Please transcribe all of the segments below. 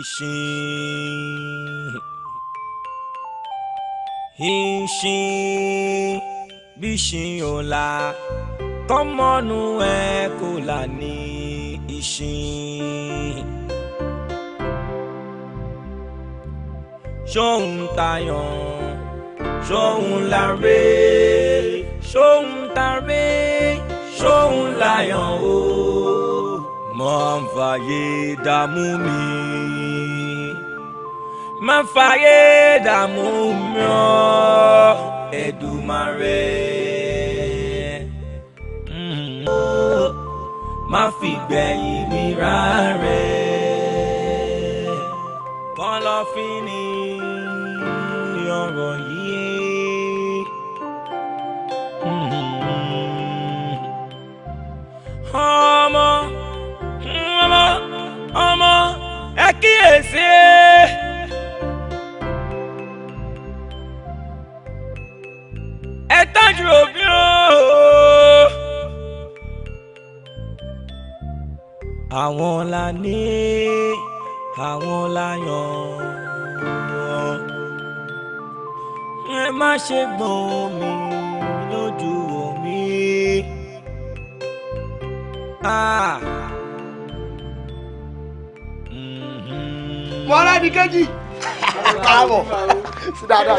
ìṣìn ìṣìn bíṣìn ọ̀la kọ́mọ́nù ẹ̀ kò là ní ìṣìn. ṣóun tayàn ṣóun láre ṣóun tare ṣóun láyàn o mọ̀ n fàyè dààmú mi má da dààmú mi ọ́ Èdùmàrè. Mm-hmm. má fi gbẹ̀yìn mi rárá. kọ́lọ́fín ni ọ̀rọ̀ yìí. dúró mí o. àwọn la ní àwọn la yàn ẹ má ṣe gbọ́n mi lójú omi. Ah. mo ara ẹni kejì káàbọ̀ sí dáadáa.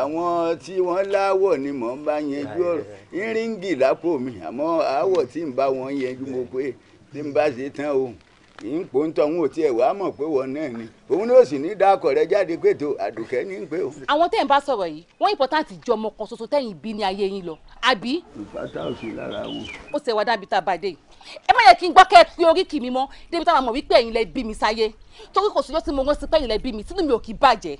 àwọn tí wọ́n láwọ̀ ni mò ń bá yanjú ọ̀rọ̀ iringi lápò mi àmọ́ àwọ̀ tí ń bá wọn yanjú mo pé tí ń bá ṣe tán o ń pò ń tọ́ ń wò tí wá mọ̀ pé wọ́n náà ni òun ló sì ní dákọ̀ rẹ jáde pé tó àdùkẹ́ ní pé o. àwọn tẹ́ ẹ̀ ń bá sọ̀rọ̀ yìí wọ́n important ju ọmọ kan ṣoṣo tẹ́yìn bí ní ayé yín lọ àbí. ìpátá ò sí lára wo. ó ṣe wá dábìí tá a bá dé yìí ẹ má yẹ kí n gbọ́ kẹ́ ẹ pé oríkì mi mọ́ débi táwọn mọ̀ wípé ẹ̀yin lẹ bí mi sáyé torí kò síjọ́ tí mo rán sí pé ẹ̀yin lẹ bí mi sínú mi ò kì í bàjẹ́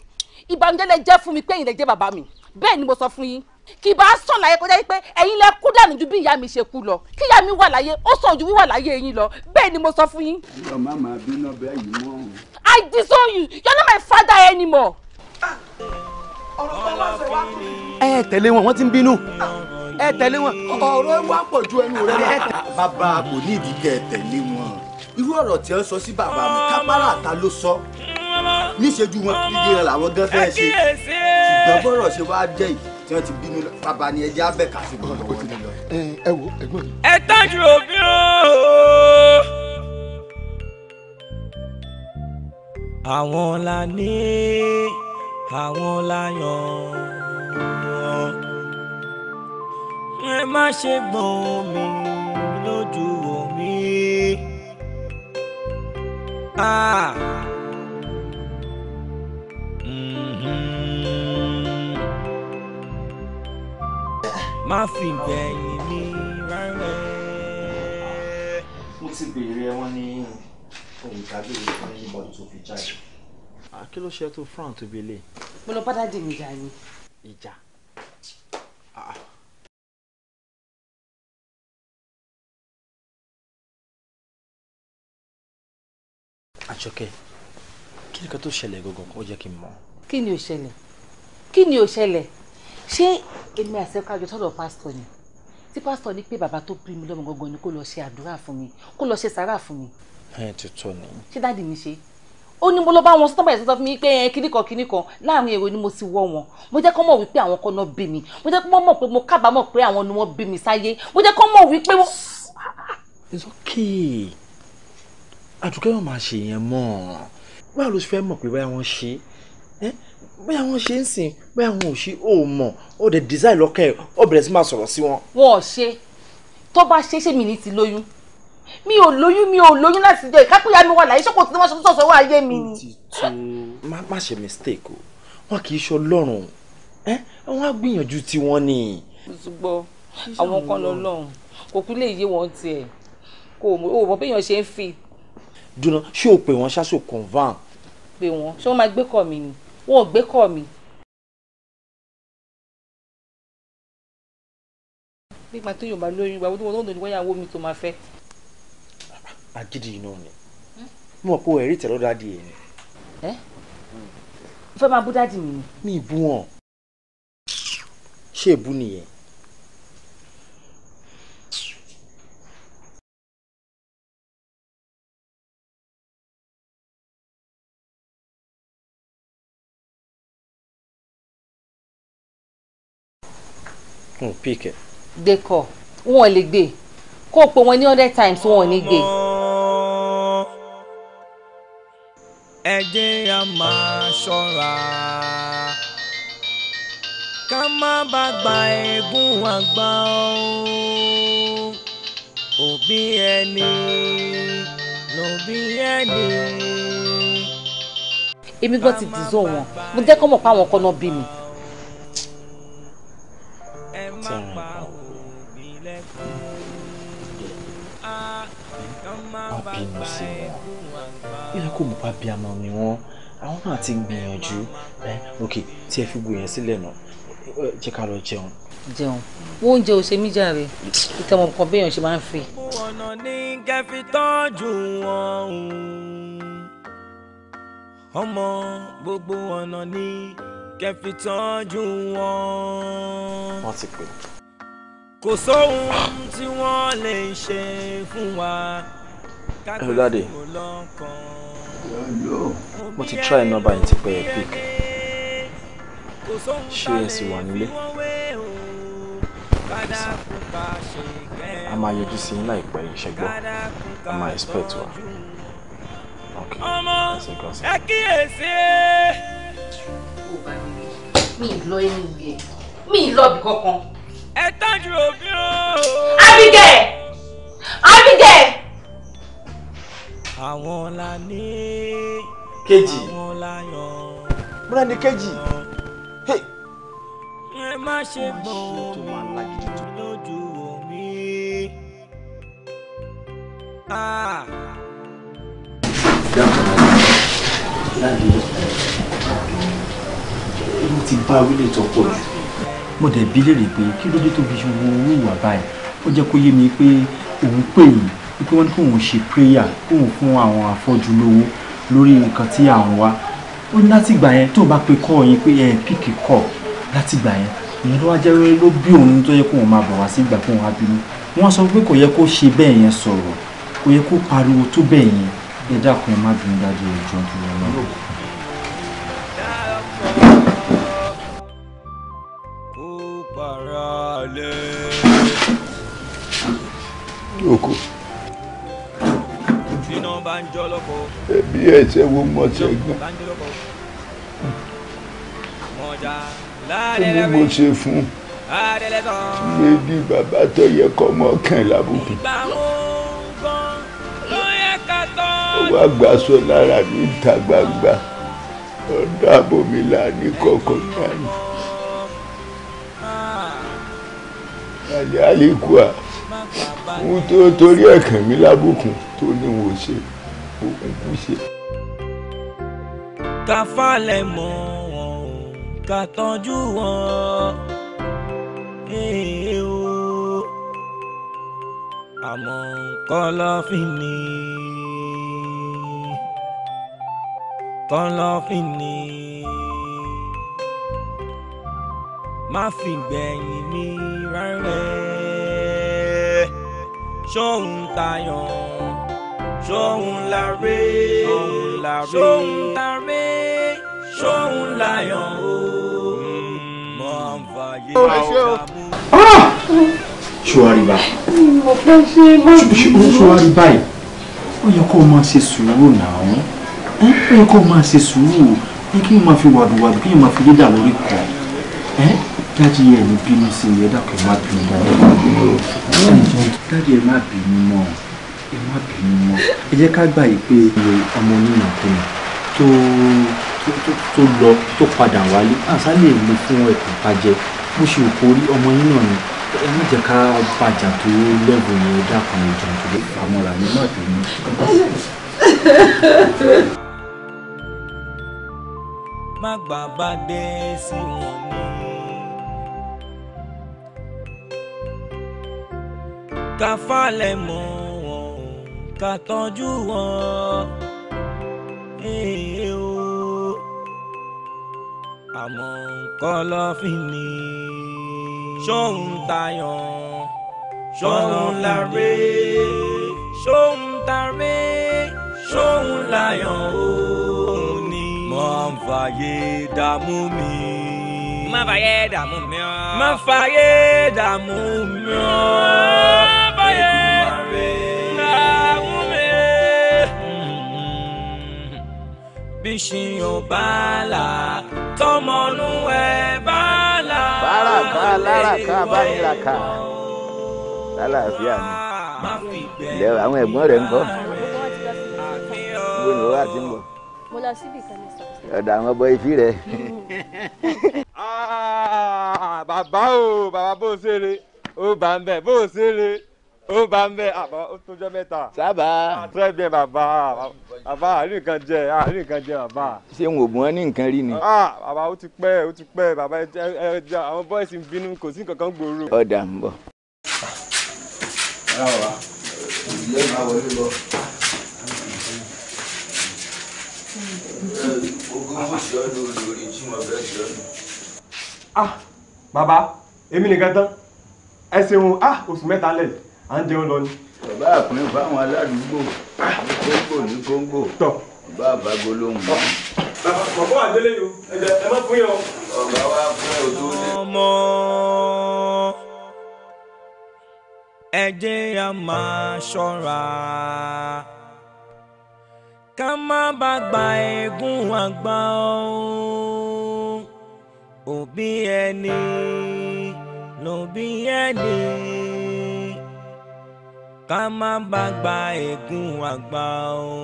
ìbànújẹ́ lẹ jẹ́ fún mi pé ẹ̀yin lẹ jẹ́ bàbá mi bẹ́ẹ̀ ni mo sọ fún yín kì bá sàn láyé kọjá yìí pé ẹ̀yin lẹ kú dànù ju bí ìyá mi ṣe kú lọ kí ìyá mi wà láyé ó sàn ju wíwà láyé yín lọ bẹ́ẹ̀ ni mo sọ fún yín. ẹ̀rọ má máa bínú bẹ́ẹ̀ yìí mọ́. I disown you you're not my father anymore. ẹ tẹ̀lé wọn wọ́n ti ń bínú ẹ tẹ̀lé wọn. ọ̀rọ̀ wá pọ̀ ju ẹnu rẹ lọ. bàbá kò ní ìdíkẹ́ tẹ̀lé wọn irú ọ̀rọ̀ tí wọ́n sọ sí bàbá mi kápárà ta ló sọ níṣẹ́jú wọn yíyẹ làwọn gan fẹ́ ṣe ṣùgbọ́n bọ́rọ̀ ṣe wá jẹ́ yìí tí wọ́n ti bínú bàbá ni ẹjẹ́ abẹ́ kà sí bọ́ọ̀lù wọn lọ. ẹ wo ẹ̀gbọ́n mi. ẹ tọ́jú òbí o. àwọn la ní àwọn la yàn ẹ má ṣe gbọ́n mi lójú omi. Ah. má fi bẹ̀yìn mi rárẹ̀. mo ti béèrè wọn ní ohun ìdábìrì fún anybody tó fi jáde. kí ló ṣe tó fran tó bí lè. mo lọ bádá dì mí jà ni. ìjà. àjọkẹ́ kí ni kan tó ṣẹlẹ̀ gangan ó jẹ́ kí n mọ̀. kí ni ò ṣẹlẹ̀ kí ni ò ṣẹlẹ̀ ṣé èmi àti ẹ̀ka àjọ sọ́dọ̀ pásítọ̀ ni tí pásítọ̀ ní pé bàbá tó bí mi lọ́mọ gangan ni kó lọ ṣe àdúrà fún mi kó lọ ṣe sàárà fún mi. ẹ ti tọ́ ni. ṣé dáàdi mi ṣe ó ní mo lọ bá wọn sọ tọ́bàyẹ̀ sọ fún mi pé ẹ kíní kan kíní kan láàrin èrò ni mo ti wọ wọn mo jẹ́ kó mọ̀ wípé àwọn kan náà bí mi mo jẹ́ kó mọ̀ pé mo kábàámọ̀ pé àwọn ni wọ́n bí mi sáyé mo jẹ́ kó mọ̀ wípé wọ́n. it's okay àdùkẹ́ wọn máa ṣèyẹn mọ́ báwo ló fẹ́ mọ̀ pé báyà wọ́n ṣe bóyá wọn ṣe ń sìn bóyá wọn ò ṣe ó mọ̀ ó dẹ̀ design lọ́kẹ́ ó bẹ̀rẹ̀ sí máa sọ̀rọ̀ sí wọn. wọn ò ṣe tó bá ṣe ṣé mi ní ti lóyún mi ò lóyún mi ò lóyún láti jọ ìkápẹ́yà mi wà láyé ṣọ́kò tí wọ́n ṣe sọ̀sọ̀ wà ayé mi ni. má ṣe mistake o wọn kì í ṣe ọlọ́run ẹ wọn á gbìyànjú tiwọn ni. ṣùgbọ́n àwọn kan lọ lọ́hùn kò kú lè yé wọn tiẹ̀ kò mọ̀ bí èèyàn ṣe ń fi. dùnà ṣé o pè wọn ṣáṣọ convan. pè wọn ṣé wọn máa gbé kọ mi ni wọn ò gbé kọ̀ mi. nígbà tó yóò máa lóyún ìgbà tó wọn náà lóyún wọ́n yà wó mi tó máa fẹ́. agídí iná ni hmm? mo mọ̀ pé o ẹ̀rí tẹ̀lọ́ dáàdi ẹ̀ ni. ẹ fẹ́ máa bú dáàdi mi ni. mi ì bú wọn ṣé èbú nìyẹn n hmm, píkẹ. gbé kọ wọn lè gbé kó o pè wọn ní hundred times wọn ò ní gbé. ẹ jẹ́ a máa ṣọ́ra ká má bàa gba ègún àgbà o òbí ẹni lòbí ẹni. èmi gbọ́ ti dìzọ́ wọn mo jẹ́ kó mọ̀ pé àwọn ọkọ náà bí mi. kò mú bábí àmọ́ ni wọ́n àwọn náà ti gbìyànjú ẹ ok tí ẹ fi gbò sílẹ̀ náà jẹ́ ká lọ jẹun. jẹun wo oúnjẹ ò ṣe mí jàre ìtẹ̀wọ̀n kan béèyàn ṣe máa ń fi. ọ̀nà ni kẹ́ fi tọ́jú wọn ọmọ gbogbo ọ̀nà ni kẹ́ fi tọ́jú wọn. wọ́n ti pè. kò sóhun tí wọ́n lè ṣe fún wa. ẹ lọ́dẹ̀ mo ti try nọ́mbà yìí ti pẹ́ pick ṣé ẹ sì wà nílé a máa yọjú sí yín láìpẹ́ ìṣẹ́gbọ́ a máa expect wa ok ẹ kíyèsí. mi ì lọ ẹnu yẹ mi ì lọ bí kankan. ẹ tọ́jú òbí o. àwọn la ní kejì búrẹ́dì kejì. ẹ má ṣe bọ̀ oh, omi lójú omi. Ah. ti bá wílé tó jù mo dẹ̀ bi léèrè pé kí ló tó fi ṣe wo owó ìwà báyìí ó jẹ́ kó yé mi pé òun pè yín wípé wọ́n ní kóun ṣe prayer kóun fún àwọn afọ́jú lówó lórí nǹkan tí à ń wá ó ní láti ìgbà yẹn tóun bá pe kọ́ yín pé ẹ píkì kọ́ láti ìgbà yẹn ìyẹn ló wá jẹ́ ló bí òun tó yẹ kóun máa bọ̀ wá sí ìgbà kóun á bínú wọ́n sọ pé kò yẹ kó ṣe bẹ́ẹ̀ yẹn sọ̀rọ̀ kò yẹ kó pariwo tó bẹ́ẹ̀ yẹn ẹ dákun ẹ má bínú dájú ìjọ tó yẹ lọ. Okay ẹbí ẹsẹ wo mọ ṣe gan kí mo ṣe fún mi di bàbá tó yẹ kọ́ mọ́ kàn lábùkù ó wá gbàsọ lára mi ta gbangba ọ̀dọ́ àbòmí là ní kọ̀ọ̀kan dání. àlẹ́ àlékún à ń tó torí ẹ̀kàn mi lábùkù tó ní wò ṣe kó kúkú ṣe. ká falẹ̀ mọ́ wọn o ká tọ́jú wọn o àmọ́ kọ́lọ́fín ni kọ́lọ́fín ni má fi gbẹ̀yìn mi rárẹ̀ ṣóhun tayọ̀ ṣóhun la ré ṣóhun ta ré ṣóhun la yàn mm. o mọ̀ n fàyè ọ̀gá mú. Ah! ṣùwárí báyìí. mo fẹ́ ṣe báyìí. ṣùwárí báyìí ó yẹ kó o máa ṣe sùúrù náà ó yẹ kó o máa ṣe sùúrù ẹ kí n máa fi wàdùwàdù kí n máa fi yédà lórí kan ẹ dájú yẹ ẹ bínú sí i ẹ dàpọ̀ má bínú mọ́ dájú yẹ má bínú mọ́ ẹ má bínú mọ́ ẹ jẹ́ ká gbà yìí ọmọ onímọ̀ tó tó lọ tó padà wálé àṣà lè mú fún ẹ̀kọ́ pàjẹ bó ṣe òkò orí ọmọ yín náà ni ẹ má jẹ́ ká bàjà tó lẹ́bù yẹn dákun ìjà tó lè pamọ́ra ní má bínú. má gbà bá dé sí wọn ní. ká falẹ̀ mọ́ ká tọ́jú wọn. àmọ́ nǹkan lọ́fìn ni ṣóun tayàn ṣóun láre ṣóun taré ṣóun láyàn òun ni. máa ń fàyè dààmú mi. má fàyè dààmú mi. má fàyè dààmú mi. bí ṣìyàn bá là tọmọnú ẹ bá là. báràká láràká bámilàká lálàáfíà ni ilẹ̀ àwọn ẹ̀gbọ́n rẹ̀ ń bọ̀ gbogbo ìwọ àti ń bọ̀. mo lọ síbi kan ní sọ. ọ̀dọ̀ àwọn ọbọ̀ ifí rẹ̀. Ah, bàbá o bàbá bó ṣeré ó bá ń bẹ̀ bó ṣeré ó bá ń bẹ àbá ó tójọ mẹ́ta. sábà. àtúrẹ́ bẹ bàbá bàbá àárín nǹkan jẹ àárín nǹkan jẹ bàbá. ṣé n ò bùn ọ́ ní nǹkan rí ni. bàbá ó ti pẹ́ Papa? ti pẹ́ bàbá ẹ ẹ ẹ àwọn bọ́ìsì ń bínú kò sí nǹkan kan gbòòrò. ọ̀dà ń bọ̀. ara wa ìdílé máa wọlé lọ. ogún mú sọ́ọ́nù lórí tí mo fẹ́ sọ́ọ́nù. ah bàbá èmi Ah, tán ẹ ṣeun ah oṣù à ń jẹun lọ ni. bàbá àpín fáwọn aládùúgbò ní kóńgò ní kóńgò bàbá àbágo ló ń bọ̀. bàbá àdélé yìí ẹ má fún yẹn o. ọ̀gá wa fún ẹ òtún lé. ọmọ ẹ jẹ́ a máa ṣọ́ra ká má bá gba eégún àgbà òbí ẹni lòbí ẹni ká má bá gba ègún àgbà o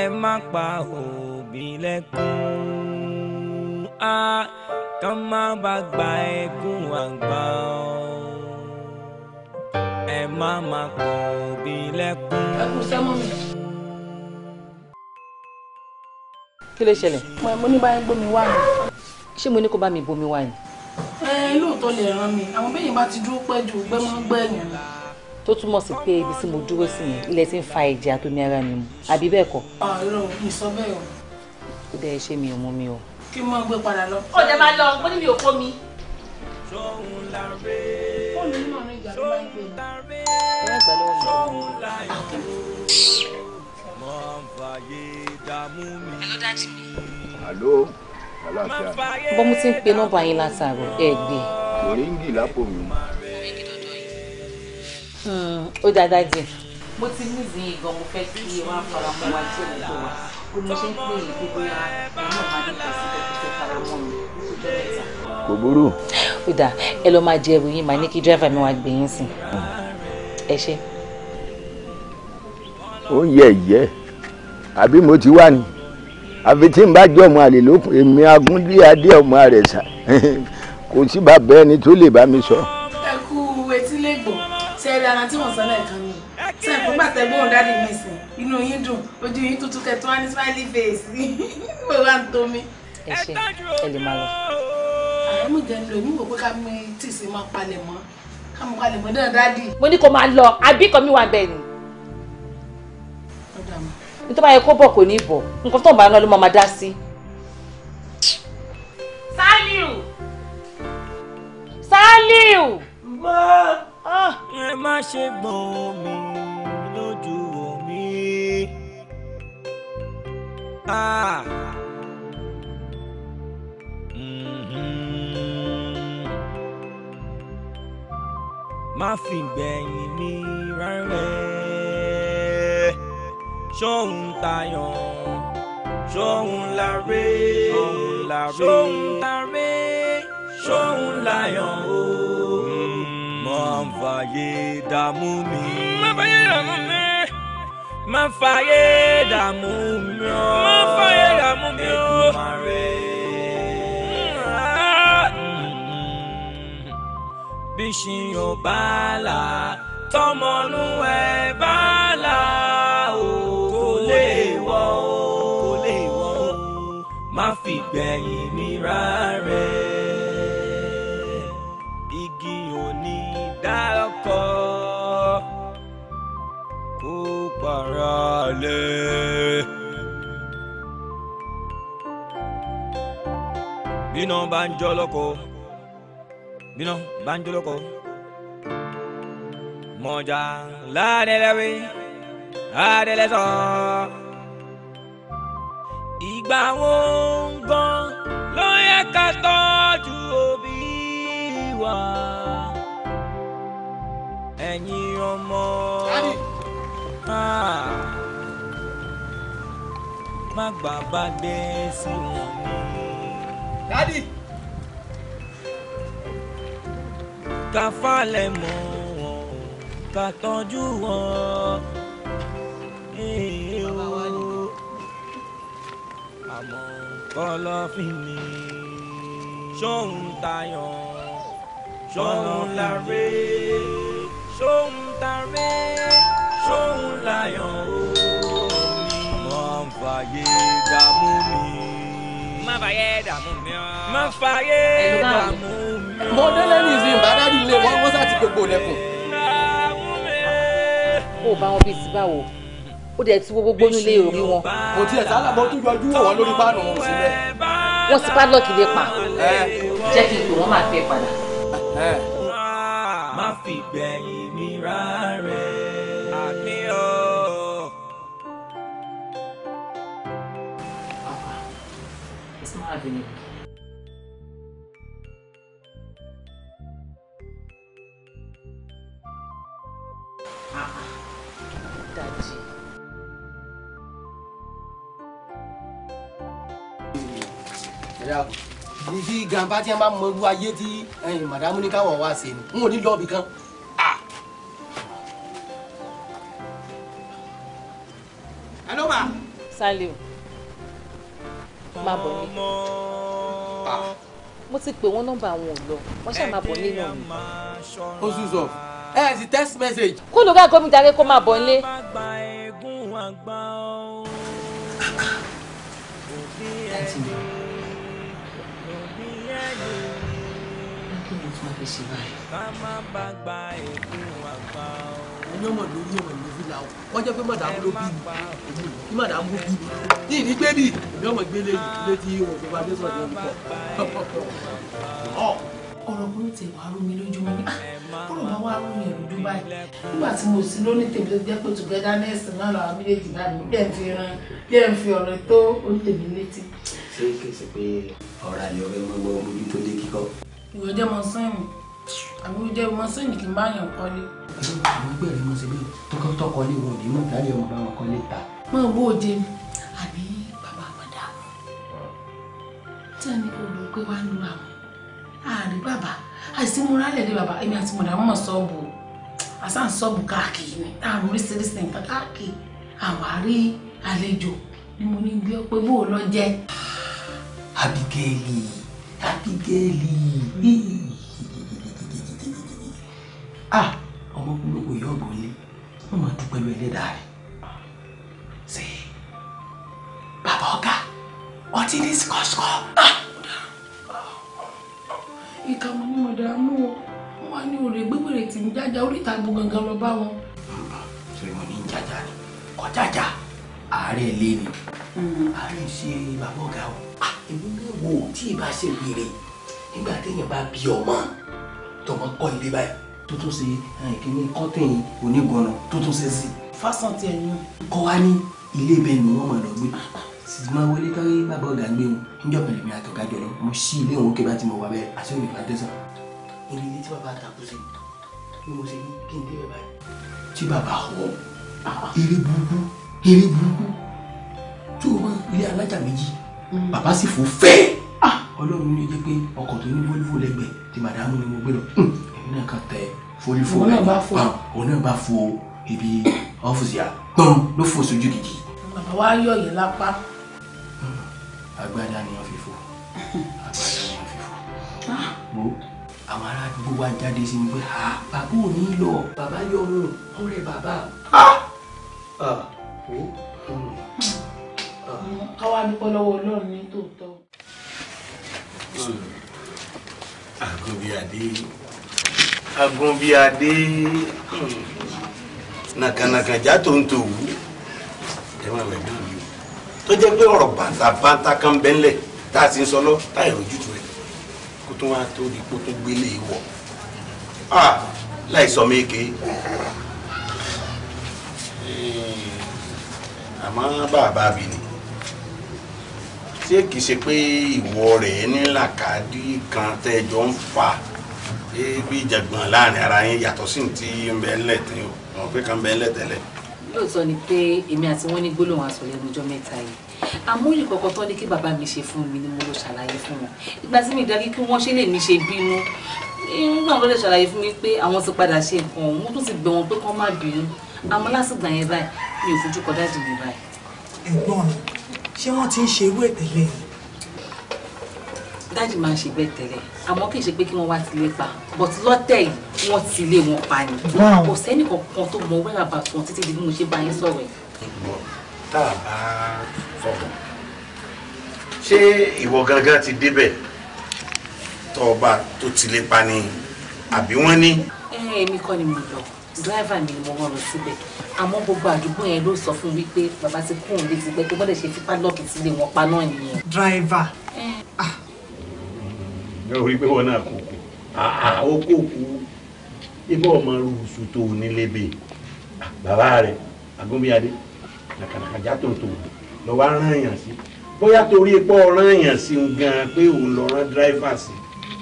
ẹ má pa òbí lẹ́kùn á ká má bá gba ègún àgbà o ẹ má má pa òbí lẹ́kùn. ẹ kú kí ló ṣẹlẹ̀. mo ní bá gbómi wá ni. ṣé mo ní kó bá mi bomi wá ni ẹ̀yin lóòótọ́ lè ràn mí àwọn bẹ́yìn bá ti dúró pẹ́ ju gbẹ́ mọ́ gbẹ̀yìn la. tó túmọ̀ sí pé ibi tí mo dúró sí yẹn ilẹ̀ ti ń fa ẹ̀jẹ̀ àtomi ara mi mu àbí bẹ́ẹ̀ kọ́. àlọ́ ìsọ bẹ́ẹ̀ o. ó dẹ́ ṣé mi ò mú mi o. kí n máa gbé padà lọ. ó jẹ́ máa lọ ó ní mi ò kó mi. sóhun la rè sóhun la rè sóhun la yọ̀ mọ̀ fàyè dààmú mi. àló dájú mi. àló bọ́n mo ti ń pe nọ́mbà yín látàárọ̀ ẹ gbé. òríǹgì lápò mi. Hmm, ó dáadáa jẹ. mo ti ní ìsìn ìgbọ̀n mo fẹ́ kí wọ́n á fara mọ́ wa tí òun tó wà ó ní ṣe ń pè é pé bóyá òun náà máa nípa síbẹ̀ kó fẹ́ fara mọ́ mi lójọ́ mẹ́ta. kò burú. ó dà ẹ lọ máa jẹ ẹrù màá ní kí dírẹ́fà mi wá gbé yín sí ẹ ṣe. ó ń yẹ ìyẹ́ àbí mo ti wá ni àfi tí n bá jọ ọmọ àlè lókun èmi agúndí adé ọmọ rẹ sà kò sí bàbá ẹni tó lè bá mi sọ. ẹ kú etílégbò ṣe é dára tí wọn sọ lẹ́ẹ̀kan ni ṣe é fún gbàtẹ gbóhùn dáàdì mi sìn inú yín dùn ojú yín tuntun kẹtọ wá ní smiley face ní ìwé ń tó mi. ẹ ṣe ẹ lè máa lọ. àwọn mi jẹun lò ní wò pé ká mi tì sí máa palẹ̀ mọ́ ká mo palẹ̀ mọ́ dáadáa mo ní kó máa lọ àbí mi wà bẹ́ẹ̀ ni ní tó bá yẹ kó bọ̀ kò ní bọ̀ nǹkan tó ń bá ń lọ ló máa dá sí. Saliu Saliu. Ah! ẹ má ṣe gbọ́n mi lójú omi. Ah! Mm-hmm. má fi gbẹ̀yìn mi rárẹ̀ ṣóhun tayọ̀ ṣóhun láre ṣóhun láre ṣóhun láyọ̀ o hmm. máa ń fàyè dààmú mi. má fàyè dààmú mi. má fàyè dààmú mi o. má fàyè dààmú mi o. Hmm. bí ṣìyàn bá là tọmọnú ẹ bá là. gbẹ̀yìn mìíràn rẹ̀ igi ò ní dá ọkọ kó para lẹ̀. bínú bá ń jọ lọ́kọ bínú bá ń jọ lọ́kọ mọ̀jà ládẹ́lẹ́wé adẹ́lẹ́sọ̀ọ́ ìgbà wọn gan ló yẹ ká tọ́jú òbí wa ẹ̀yin ọmọ ah. má gbà bá dé sí wọn ni. ká falẹ̀ mọ́ wọn ká tọ́jú wọn. Hey. Eh àmọ́ kọ̀lọ̀fín ni ṣóun tayọ̀ ṣóun láre ṣóun tare ṣóun láyọ̀ o wọ́n fàyè dààmú mi. má fàyè dààmú mi o. má fàyè dààmú mi o. mo délé ní ìsìn ìbádàdì ilé wọn wọn sá ti gbogbo lẹkùn. dààmú mi. ó bá wọn bí ti báwo ó dẹ̀ ti wo gbogbo nílé orí wọn. kò tiẹ̀ sálà bọ́ tó yọjú wọn lórí páànù wọn sí bẹ́ẹ̀. wọ́n sì padlock lè pa jẹ́ kí n pè wọ́n máa fẹ́ padà. má fi gbẹ̀yìn mi rárẹ̀. dákun bí gàmbá tí wọn bá mọ irú ayé tí eh, màdámù ní káwọn wá ṣe ni n ò ní lọ́ọ̀bì kan. hello ma. Saliu máa bọ̀ ní. mo ti pè wọ́n nọ́mbà àwọn ò lọ wọ́n ṣáà máa bọ̀ nínú mi. ó sùn sọ ẹ ẹ sì text message. kúlù ká gómìnà darí kó máa bọ̀ nílé. fi ṣe báyìí. ẹni ọmọ lórí ọmọ ìlú fìlà o wọ́n jẹ́ pé màdàmú ló bí mi èmi kí màdàmú bí mi ní ìní gbé mi èmi ọmọ ìgbélé létí wọn tó bá dé sọ̀rọ̀ ní ọkọ̀. ọ̀rọ̀ burú ti wàá rú mi lójúmọ́ ní kúrò máa wá rú mi ìlú Dubai nígbà tí mo sì lóní tèmi tó jẹ́ pé togetherness náà làwọn méjèèjì bá mi bí ẹ̀ fi ran bí ẹ̀ fi ọ̀rẹ́ tó ó tèmi létí. ṣé kìí ṣe pé ọ̀rọ̀ àlè ọ̀rẹ́ mọ́gbọ́n ojú tó dé kíkọ́ ìwọ jẹ́ mọ sẹ́yìn àwọn oúnjẹ mọ sẹ́yìn kì í bá yàn kọ́lé. àwọn ẹgbẹ́ rẹ mọ̀ sí pé tọkọtọkọlé wọn ò ní mọ̀ dáadé ọmọ bá wọn kọ́lé ta. mọ bó o jẹ àbí bàbá àpàdà tí a ní kó ló pé wàá lu àwọn àárín bàbá àìsí múra lẹ̀ lé bàbá èmi àti mọ̀dà mọ̀ sọ́ọ̀bù àṣà ń sọ́ọ̀bù káàkiri ni àrùn oríṣiríṣi nǹkan káàkiri àwárí àlejò ni mo ní gbé ọ pé bó o lọ jẹ. Abigail abigaili ah ọmọ gbogbo yọ ọgbọ ni wọn máa dúpẹ́ lọ ẹlẹ́dàá rẹ̀ ṣe bàbá ọ̀gá ọtí ní sikọ́sikọ́ ah. ìka mo ní mọ̀dà mú wọn wọn wá ní òrè gbégbèrè tì ń jájà oríta gbogbo gangan lọ bá wọn. ṣé wọn ní ń jájà ni kọjájà ààrẹ lé ni mm. ààrẹ ṣe bàbá ọ̀gá o ah, èmi náà wò ó tí ì bá ṣe wèrè nígbà téèyàn bá bí ọmọ tọmọ kọ́ ilé báyìí tó tún ṣe eh, kíní kọ́tẹ̀yìn onígbọ̀nà tó tún ṣe sí. fásitì ẹ̀yìn. kọ́ wa ní ilé ibẹ̀ ni wọ́n mọ̀ lọ gbé ah, sìgbọ́n wọlé kárí bàbá ọ̀gá gbé wọn níjọ́ pẹ̀lú mi àtọ̀gá jọ lọ mo ṣí ilé òun kébà tí mo wà bẹ́ẹ̀ àti òní fàtẹ́sán. ilé ilé tí bàbá àtàkù sí ni mo ṣe ní kí n dé bẹ̀ báyìí. tí bàbá wọ ah, eré burúkú eré burúkú tí o máa ilé alájà méjì bàbá sì fò fẹ́ ah! ọlọ́run ní jẹ́ pé ọkọ̀ tó ní fólífò lẹ́gbẹ̀ẹ́ ti màdàmú ni mo gbé lọ èmi hmm. náà kàn tẹ fólífò rẹ̀ òun náà bá fò ibi ọ́fíìsì à gbọ́n ló fò sójú kìkì. bàbá wa yọ̀ yẹn lápá. Hmm. agbádá ni wọ́n fi fò agbádá ni wọ́n fi fò ah! mo àwọn ará àdúgbò wa jáde sí mi pé ah! bàbá ò ní lọ bàbá yọ̀ ọ́n ọ̀rẹ́ bàbá káwá dúpẹ́ lọ́wọ́ ọlọ́run ní tòótọ́. agunbíadé agunbíadé nàkànàkànjá tó ń tòwú ẹ má wẹ̀ náà yìí tó jẹ́ pé ọ̀rọ̀ bàtàbàtà kan bẹ́ńlẹ̀ tá a ti ń sọ lọ táyà ojútùú rẹ̀ kó tó wá tó di kó tó gbélé e wọ̀ ah, láì sọ mí ké. Eh, àmọ́ bàbá mi ni ṣé kìí ṣe pé ìwọ rẹ̀ ní làkàdí kan tẹ́jọ ń fà bí ìjàgbọ̀n láàrin ara yín yàtọ̀ sí ti ń bẹ ńlẹ̀ tí wọn pé kan bẹ ńlẹ̀ tẹ́lẹ̀. lóòótọ́ ni pé èmi àti wọn ní gbólóhùn aṣọ lẹ́nu ọjọ́ mẹ́ta yìí àmúyí kọ̀ọ̀kan tó ní kí bàbá mi ṣe fún mi ni mo lọ ṣàlàyé fún wọn ìgbà tí mi dárí kí wọ́n ṣe lè ní ṣe bínú nígbà wọn lọ ṣàlàyé fún mi pé àwọn ti padà ṣe nǹkan ọ̀hún mo tún ti bẹ̀ wọn pé kán má bínú àmọ́ lásìgbà yẹn báyìí mi ò fojú kọjá dì mí báyìí. ẹ̀gbọ́n mi ṣé wọ́n ti ń ṣe irú ètẹ̀lẹ̀ yìí. dájú máa ń ṣe bẹ́ẹ̀ tẹ́lẹ̀ àmọ́ kì í ṣe pé kí wọ́n wá tilé pa but lọ́tẹ̀ yìí wọ́n ti lé wọn pa ni. kò sẹ́nì kankan tó mọ wẹ́rà bàtú wọn títí di bí mo ṣe bá yín sọ̀rọ̀ yìí. tá a bá sọ̀rọ̀ ṣé ìwọ gangan ti débẹ̀ tọ́ọ̀bà tó ti lé pa ni àbí wọ́n ní. èmi kọ́ ni mo lọ driver mi ni mo rán lọ síbẹ̀ àmọ́ gbogbo àdúgbò yẹn ló sọ fún mi pé bàbá ti kún òun létí pé tó gbọ́dọ̀ ṣe fipá lọ́ọ̀kì sílé wọn pa náà nìyẹn. driver. ẹ eh. ò ah. rí pé wọn náà kò ah, ah, kú ó kò kú ibà ọmọ rúùsù tó o nílé bẹ́ẹ̀ bàbá rẹ agúnbíyadé nàkànàkànjá tó tó lọ́wọ́ rán èèyàn sí bóyá torí epo rán èèyàn sí gan pé òun lọ rán driver sí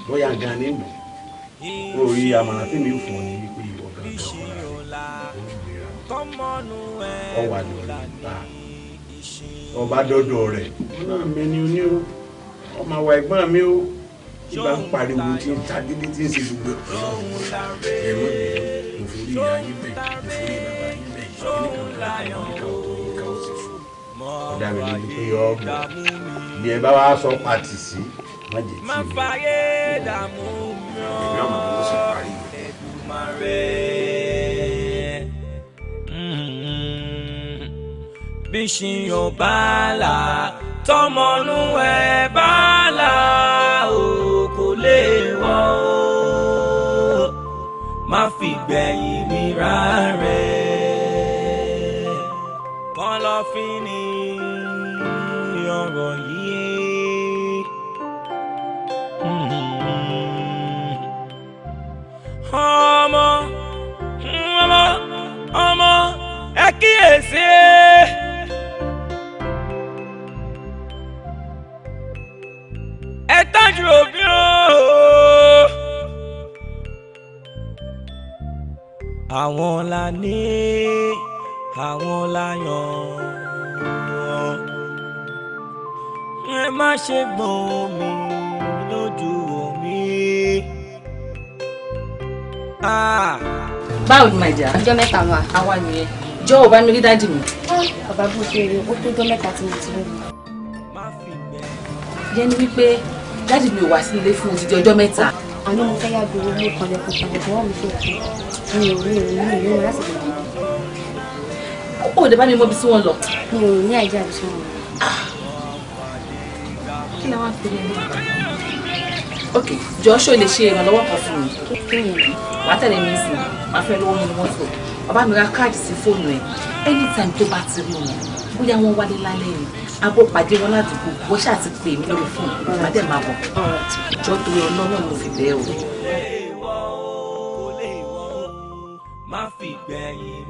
bóyá gan ni ó rí àmàlà tí mi ń fún ọ nìyí ọwà lórí ìta ọba dọdọ rẹ náà mi ni onírú ọmọ àwa ẹ̀gbọ́n mi ó ìgbà ń pariwo tí ń ta dídí tí ń ṣe gbogbo ẹ̀rọ mi mo fi rí ìyá bẹ́ẹ̀ mo fi rí bàbá yín bẹ́ẹ̀ yìí nìkan nìkan ó sì fún ọ̀dà mi ni pé ọgbọ̀n bí ẹ bá wá sọ pàtì sí má jẹ tí mi ẹ̀gbọ́n mi ló sì parí bí ṣìyàn bá là tọmọnú ẹ bá là ó kò lè wọ ó má fi gbẹ̀yìn mi rárẹ kọ̀lọ̀fín ọ̀rọ̀ yìí. ọmọ ọmọ ọmọ ẹ kíyèsí. ẹ tọ́jú òbí o. àwọn la ní àwọn la yàn ẹ má ṣe gbọ̀n omi lójú omi. Ah. báwo ni màjà. ọjọ́ mẹ́ta wa. àwa nìyẹn jọ ò bá mi rí dáàdì mi. ọba ah, bó ṣe rí ó tó jọ mẹ́ta tí mo ti rí. yẹn ni wípé dáàdì mi ò wá sí ilé fún odidi ọjọ́ mẹ́ta. àná mo fẹ́ yá bí owó mú kan lẹ́kùn padà bí wọ́n mi fẹ́ kí mi ò rí ìrìn mi ìrìn láti lè ó ò bá mi mọ ibi tí wọ́n lọ. mi ò ní àìjẹ́ àbí tí ah. kí ni wọ́n fi rí mi? ok jọ́ṣọ́ lè ṣe ìrànlọ́wọ́ kan fún mi. wàá tẹ̀lé mi sí màá fẹ́ lówó nínú mọ́tò bàbá mi ra káàdì sí fóònù ẹ̀ anytime tó bá ti rí wọn bóyá wọ́n wálé lálẹ́ yìí abó pàdé wọn láti kú wọ́n ṣáà ti pè mí lórí fún mi má dẹ̀ máa bọ̀ jọ́ torí ọ̀nà náà mo fi bẹ́ẹ̀ o. má fi gbẹ̀yìn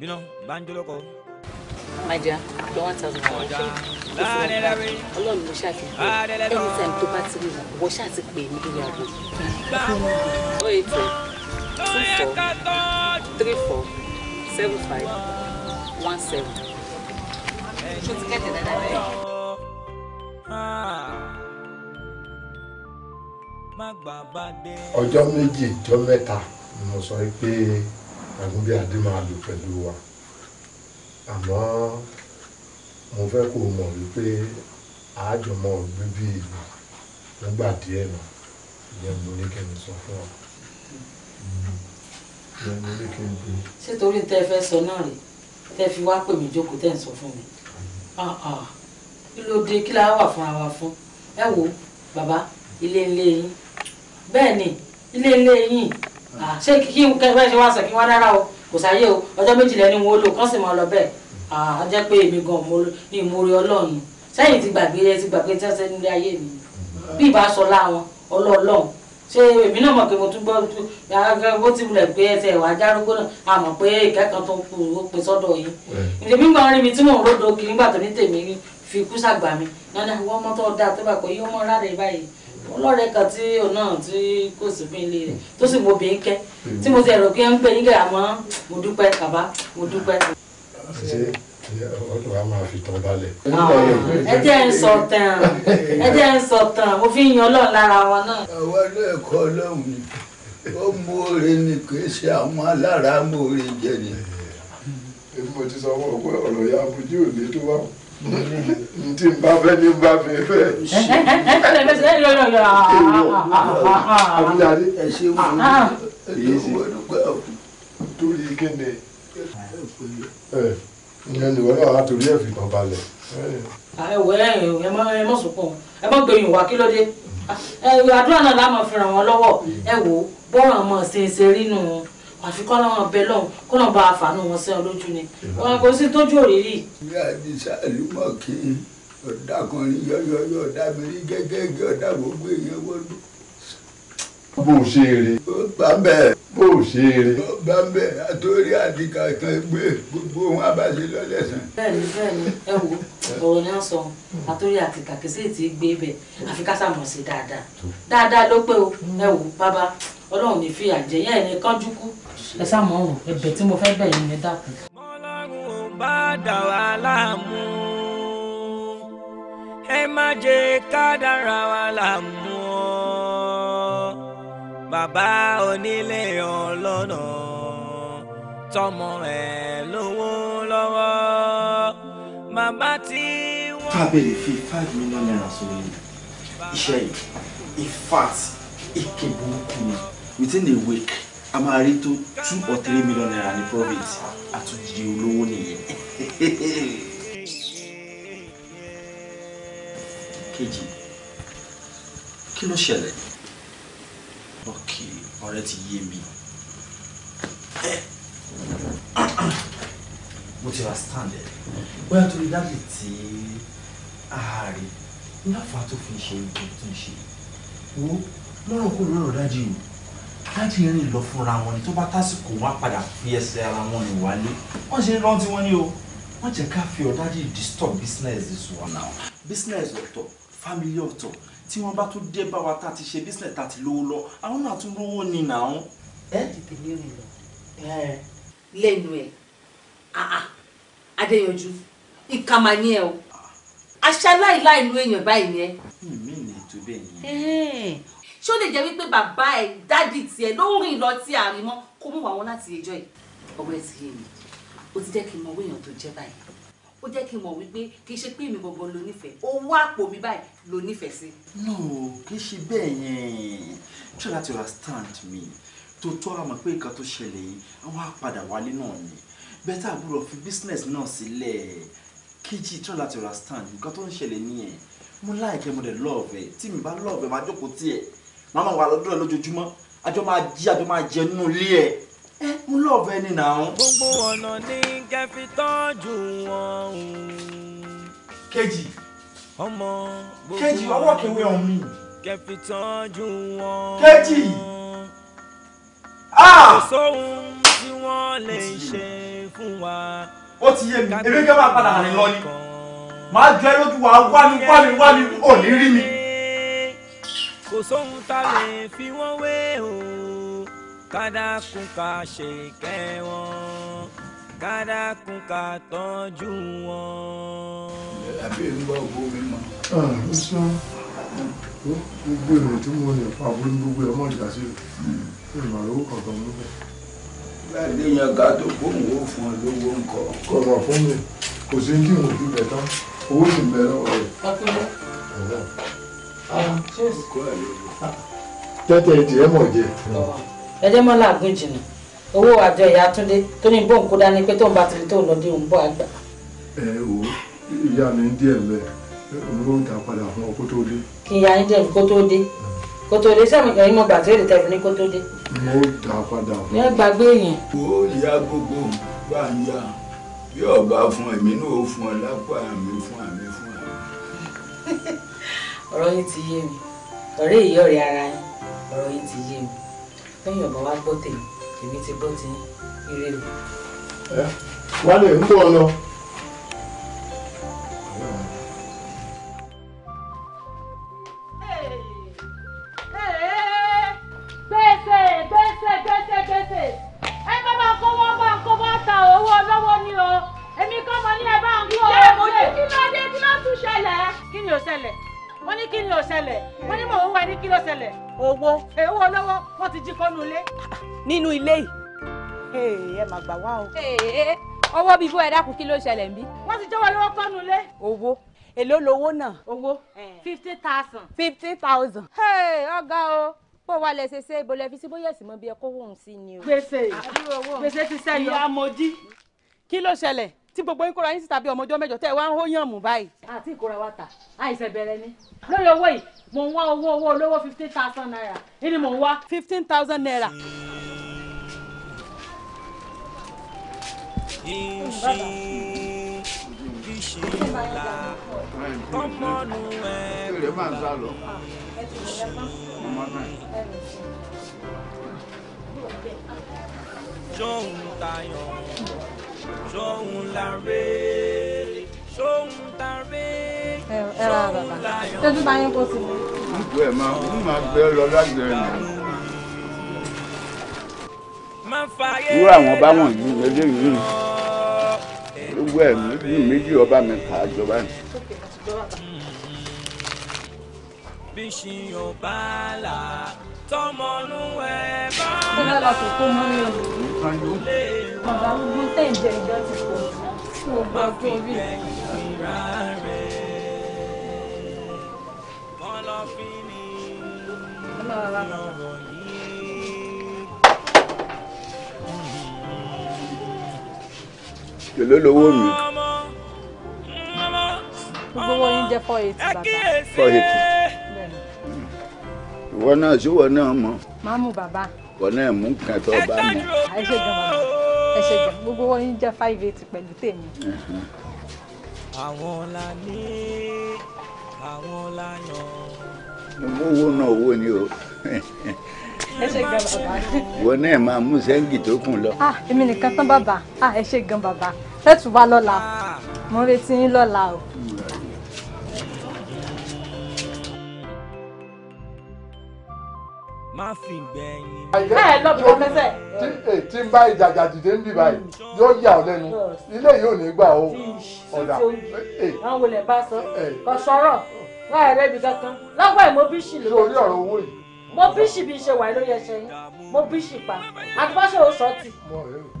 Bino, banjo loco. My dear, you want us go? Ọlọ́run anytime tó bá ti rí wọn wọ́n ṣàti pè ní ìyàwó. O two four three four seven five one seven. Ṣé o ti kẹ́tẹ̀ dáadáa bẹ́ẹ̀? Ah. ọjọ́ méjì ọjọ́ mẹ́ta ni mo sọ pé àgúnbí adé máa lò pẹ̀lú wa àmọ́ mo fẹ́ kó o mọ̀ wípé àájọmọ́ gbé bí ìlú nígbà díẹ̀ nà ìyẹn mo ní kí n sọ fún ọ. ṣé torí tẹ́ ẹ fẹ́ sọ náà rè tẹ́ fi wá pè mí jókòó tẹ́ ń sọ fún mi ah, ah. kí ló dé kí la wà fúnra wa fún ẹ wo bàbá ilé ńlé yín bẹ́ẹ̀ ni ilé ńlé yín ah, ṣé kí kí n kẹfẹ́ ṣe wá sọ kí wọ́n dára o kò sáyé o ọjọ́ méjìlélẹ́ni wo lò kán sì mọ́ ọ lọ bẹ́ẹ̀ àá jẹ́ pé èmi gan ni ìmoore ọlọ́run sẹ́yìn ti gbàgbé ẹ ti gbàgbé tí wọ́n ṣe nílé ayé mi bí ìbá sọ láwọn ọlọ́ọ̀lọ́run ṣé èmi náà mọ̀ pé mo tún gbọ́ bó ti wulẹ̀ pé ẹsẹ̀ ìwà ajárúgbó náà a mọ̀ pé ìkẹ́kọ̀ọ́ tó kù ó pe sọ́dọ̀ yìí èmi gbọ́n rí mi tí mò ń ròdo kiri nígbà tó ní tèmi fi kú sàgbà mi nánà àwọn ọmọ tó dáa tó bá pé yóò mọ rárẹ̀ báyìí ọlọ́rẹ̀ kan tí òun náà tí kò sí fún ilé rẹ̀ tó sì mo bèé kẹ́ tí mo ti ẹ̀rọ kí ń pè yín kẹ́ àmọ́ mo dúpẹ́ bàbá mo dúpẹ́ ṣe ọdún wa máa fi tán balẹ̀. ẹ jẹ́ ń sọ tán ẹ jẹ́ ń sọ tán mo fi ń yan ọlọ́run lára wọn náà. àwọn ilé ẹ̀kọ́ ọlọ́run ni ó mú oore ni kì í ṣe àwọn alára mú oore jẹ ni. èmi mo ti sọ wọn pé ọ̀rọ̀ ya abujú ò ní tó wà n ti ba fẹ́ ni ba fẹ́ fẹ́. abúlé ẹ ṣe wọn ní ọgbẹ́ ọ̀hún. torí kíni ìyẹn nìwọ náà látòrí ẹ̀ fìbọn balẹ̀. ẹ̀wẹ̀ ẹ má ẹ má sùn pọ̀ ẹ má gbẹ̀yìn wá kí ló dé àdúrà náà la máa fi ràn wọ́n lọ́wọ́ ẹ wò ó bọ́rọ̀ ọmọ ṣe ṣe rí nù àfi kọ́ láwọn bẹ lọ́hùn kó náà bá àfààní wọn sí ọ lójú ni wọn kò sí tójú òrìrì. ìyá àti sáàlì mọ̀ kí ọ̀dà kan yọ̀yọ̀ yọ̀ọ̀dà mi rí gẹ́gẹ́ bí ọ̀dà gbogbo èèyàn wọ́n lù bó o ṣe eré. ó bá bẹ́ẹ̀. bó o ṣe eré. ó bá bẹ́ẹ̀ àtòrí àti kàkàn gbé gbogbo wọn abàṣe lọ́lẹ́sàn. bẹ́ẹ̀ni bẹ́ẹ̀ni ẹ wo ọ̀rọ̀ ni wọn sọ àtòrí àti kàkẹsẹ tí gbé bẹ àfi ká sàmọ sí dáadáa dáadáa ló pé o ẹ wo bàbá Ọlọ́run ní fìyà jẹ yẹn ẹni kánjú kú. ẹ sàmọ ọrùn ẹ̀bẹ̀ tí mo fẹ́ bẹ̀ yín ni dákun. mọ́lárùn ò bá dà wá láàmú ẹ má jẹ́ ká dára wá láàmú o bàbá onílé ọlọ́nà tọmọ ẹ̀ lówó lọ́wọ́ màmá tí wọ́n. tábìlì fi five million naira sórí iṣẹ́ yìí in fact èké burúkú ni within a week a máa rí tó two or three million naira ní profit àtúndì olówó nìyẹn. kejì kí ló ṣẹlẹ̀? ok ọ̀rẹ́ ti yé mi mo ti ra stand ẹ bóyá torí dáàbì tí ààrẹ láfa tó fi ṣe ìbò tó ń ṣe wo lọ́rùn kò lọ́rọ̀ dájú o dájú rìn lọ fúnra wọn ni tó bá tásìkò wọn padà fi ẹsẹ̀ ara wọn rìn wálé wọ́n ṣe ń rántí wọn ni o wọ́n jẹ́ ká fi ọ̀dájú disturb business this one now business ọ̀tọ̀ family ọ̀tọ̀ tí wọ́n bá tún dé bá wa tá ti ṣe business tá a ti lówó lọ àwọn náà tún lówó ni nàá. ẹ dìbò léèrè lọ lẹ́nu ẹ̀ adéyanjú ìkà mà ni ẹ o aṣaláìláìlú èèyàn báyìí ni ẹ. Hmm, mi ni ètò bẹ́ẹ̀ ni. ṣé ó lè jẹ́ wípé bàbá ẹ̀ dádì tiẹ̀ ló ń rìn lọ tí àárín kó mú wàá láti ẹjọ́ ẹ̀ ọwọ́ ẹ̀ ti yé mi ti jẹ́ kí n mọ owó èèyàn tó jẹ́ báyìí ó jẹ́ kí n mọ̀ wípé kì í ṣe pé èmi gbọ̀ngàn ló nífẹ̀ẹ́ owó àpò mi báyìí ló nífẹ̀ẹ́ sí. no kì í ṣe bẹ́ẹ̀ yẹn try to understand me tó tọ́ àmọ́ pé nǹkan tó ṣẹlẹ̀ yìí àwọn àpadà wálé náà ni bẹ́tà àbúrò fi business náà sílẹ̀ kejì try to understand nǹkan tó ń ṣẹlẹ̀ nìyẹn mo láìkẹ́ mo dẹ̀ love ẹ̀ tí mi bá love ẹ̀ máa jókòó tiẹ̀ máa máa wà lọ́dọ̀ ẹ̀ lójoojúmọ́ àjọ máa jí àjọ máa jẹ nínú Eh, ẹ mú lọ́ọ̀bù ẹni náà. gbogbo ọ̀nà ni kẹ́ fi tọ́jú wọn. kejì kejì ọwọ́ kẹwé ọ̀hún mi. kẹ́ fi tọ́jú wọn. kejì. Ah! kò sóhun tí wọ́n lè ṣe fún wa. ó ti yé mi èmi kẹ́ máa padà rìn lọ ni màá jẹ́ lójú wa wá mi wá mi wá mi ò ní rí mi. kò sóhun tá lè fi wọ́n wé o. Kada kádàkùn ká ṣèkẹ́ wọn kádàkùn ká tọ́jú wọn. àbí èmi bá ògbó mi mọ. Ah, ó sọ gbogbo èrò tí mo yẹ fún abúlé gbogbo ẹ mọ ìdá sí i èrò àlówó kankan mú bẹ. láìdé yan ká tó fóun ó fún ọ lówó nǹkan. kọ̀ọ̀mọ̀ fún mi kò sí ní ìwọ̀n fi bẹ̀ tán owó sì ń bẹ lọ́wọ́ rẹ̀. Ah, tẹ́tẹ̀ tiẹ̀ mọ̀ jẹ́ ẹjẹ́ mọ́ làágùn jìnnà owó àjọ ìyá Túndé tó ní bóun kó dání pé tóun bá ti rí tóun lọ dé òun bọ́ àgbà. ẹ o ìyá mi ń díẹ̀ mẹ́ òun ló ń ta padà fún ọ kó tó dé. kí ìyá yín dẹ̀rù kó tó dé kó tó dé sẹ́mi kan yín mo gbà tí èrè tẹ̀lé ní kó tó dé. mo ta padà fún. ẹ gbàgbé yẹn. o ìyá gbogbo gbà ń yá bí ọba fún èmi náà ó fún ọ lápá mi fún àmì fún àmì. ọ̀rọ̀ yín ti yé mi ọ̀rẹ́ ìyọ̀rẹ́ ara yín ọ̀rọ̀ yín ti yé mi lẹ́yìn ọ̀bọ̀ wa gbọ́ tèmi èmi ti gbọ́ tiyín ire o. wálé ń bọ̀ ọ lọ. bẹ̀ owó èèwọ̀ lọ́wọ́ wọ́n ti jí kọ́nu ilé. nínú ilé yìí ẹ máa gbà wá o. ọwọ́ bíbó ẹ dákun kí ló ṣẹlẹ̀ ń bí. wọ́n ti jẹ́wọ́ lọ́wọ́ kọ́nu ilé. owó èló lowó náà. owó fifty thousand. fifty thousand. ọ̀gá o bó wa lẹ ṣe ṣe ibo lẹ fi sí bóyá ẹ̀sìn mọ́ bí ẹ kó wọ́n sí ni o. gbèsè gbèsè ti sẹ́yọ. ìyá mojí kí ló ṣẹlẹ̀ tí gbogbo yín kóra yín síta bí ọmọ ọjọ́ mẹ́jọ tẹ́ ẹ wá ń hóyàn mú báyìí. àti ìkóra wa tà àìsàn bẹ̀rẹ̀ ni lórí owó yìí mò ń wá owó owó olówó fifteen thousand naira yìí ni mò ń wá. fifteen thousand naira. ọmọnù ẹ rẹ máa ń sá lọ. jọ̀hún tayọ̀ ṣóhun la rè ṣóhun ta rè ṣóhun la yọ. tẹ́tù bá yín kó máa ń máa gbé lọ lágbẹ̀ẹ́ nù. irú àwọn ọba wọ̀nyí eléyìí gbogbo ẹ̀mí méjì ọba mi kà á bí ṣìyàn bàálà tọmọnú ẹ bá. ṣé bá la kò kó mọ́ mi ọ̀hún? bàbá gbogbo tẹ̀ ń jẹ ìjọ ti pọ̀ tí mo gbọ́ tó rí. ọlọ́run èló lówó mi. gbogbo yín jẹ́ four eighty bàbá. four eighty ìwọ náà sí ìwọ náà mọ. má mú bàbá. ìwọ náà mú nǹkan tó bá mọ. ẹ ṣe gan bàbá ẹ ṣe gan gbogbo wọn yín jẹ five eight pẹ̀lú tèmi. àwọn la ní àwọn la yàn. mo wo náà owó ni o ẹ ṣé gan bàbá. ìwọ náà máa mú sẹ́ńgì tó kùn lọ. ah èmi nìkan tán bàbá ah ẹ ṣé gan bàbá fẹ́tù wá lọ́la ah. mo retí yín lọ́la o. Hmm. má fi gbẹ̀yìn. bẹ́ẹ̀ lọ́bi wọn mẹ́sẹ̀. tí n bá ìjàjà dìde ń bì báyìí mm, yóò yà ọ́ lẹ́nu ilé yìí ò ní gbà ó ọ̀dà. àwọn olè bá sọ kò sọ̀rọ̀ wọn ẹ̀rẹ́ ibi kankan lọ́gbà ìmọ̀ bí ṣì lè. sórí ọ̀rọ̀ owó yìí. mo bí ṣì bí ṣe wà ló yẹ ṣe yín mo bí ṣì pa àtúbọ̀ṣe ò sọ tì.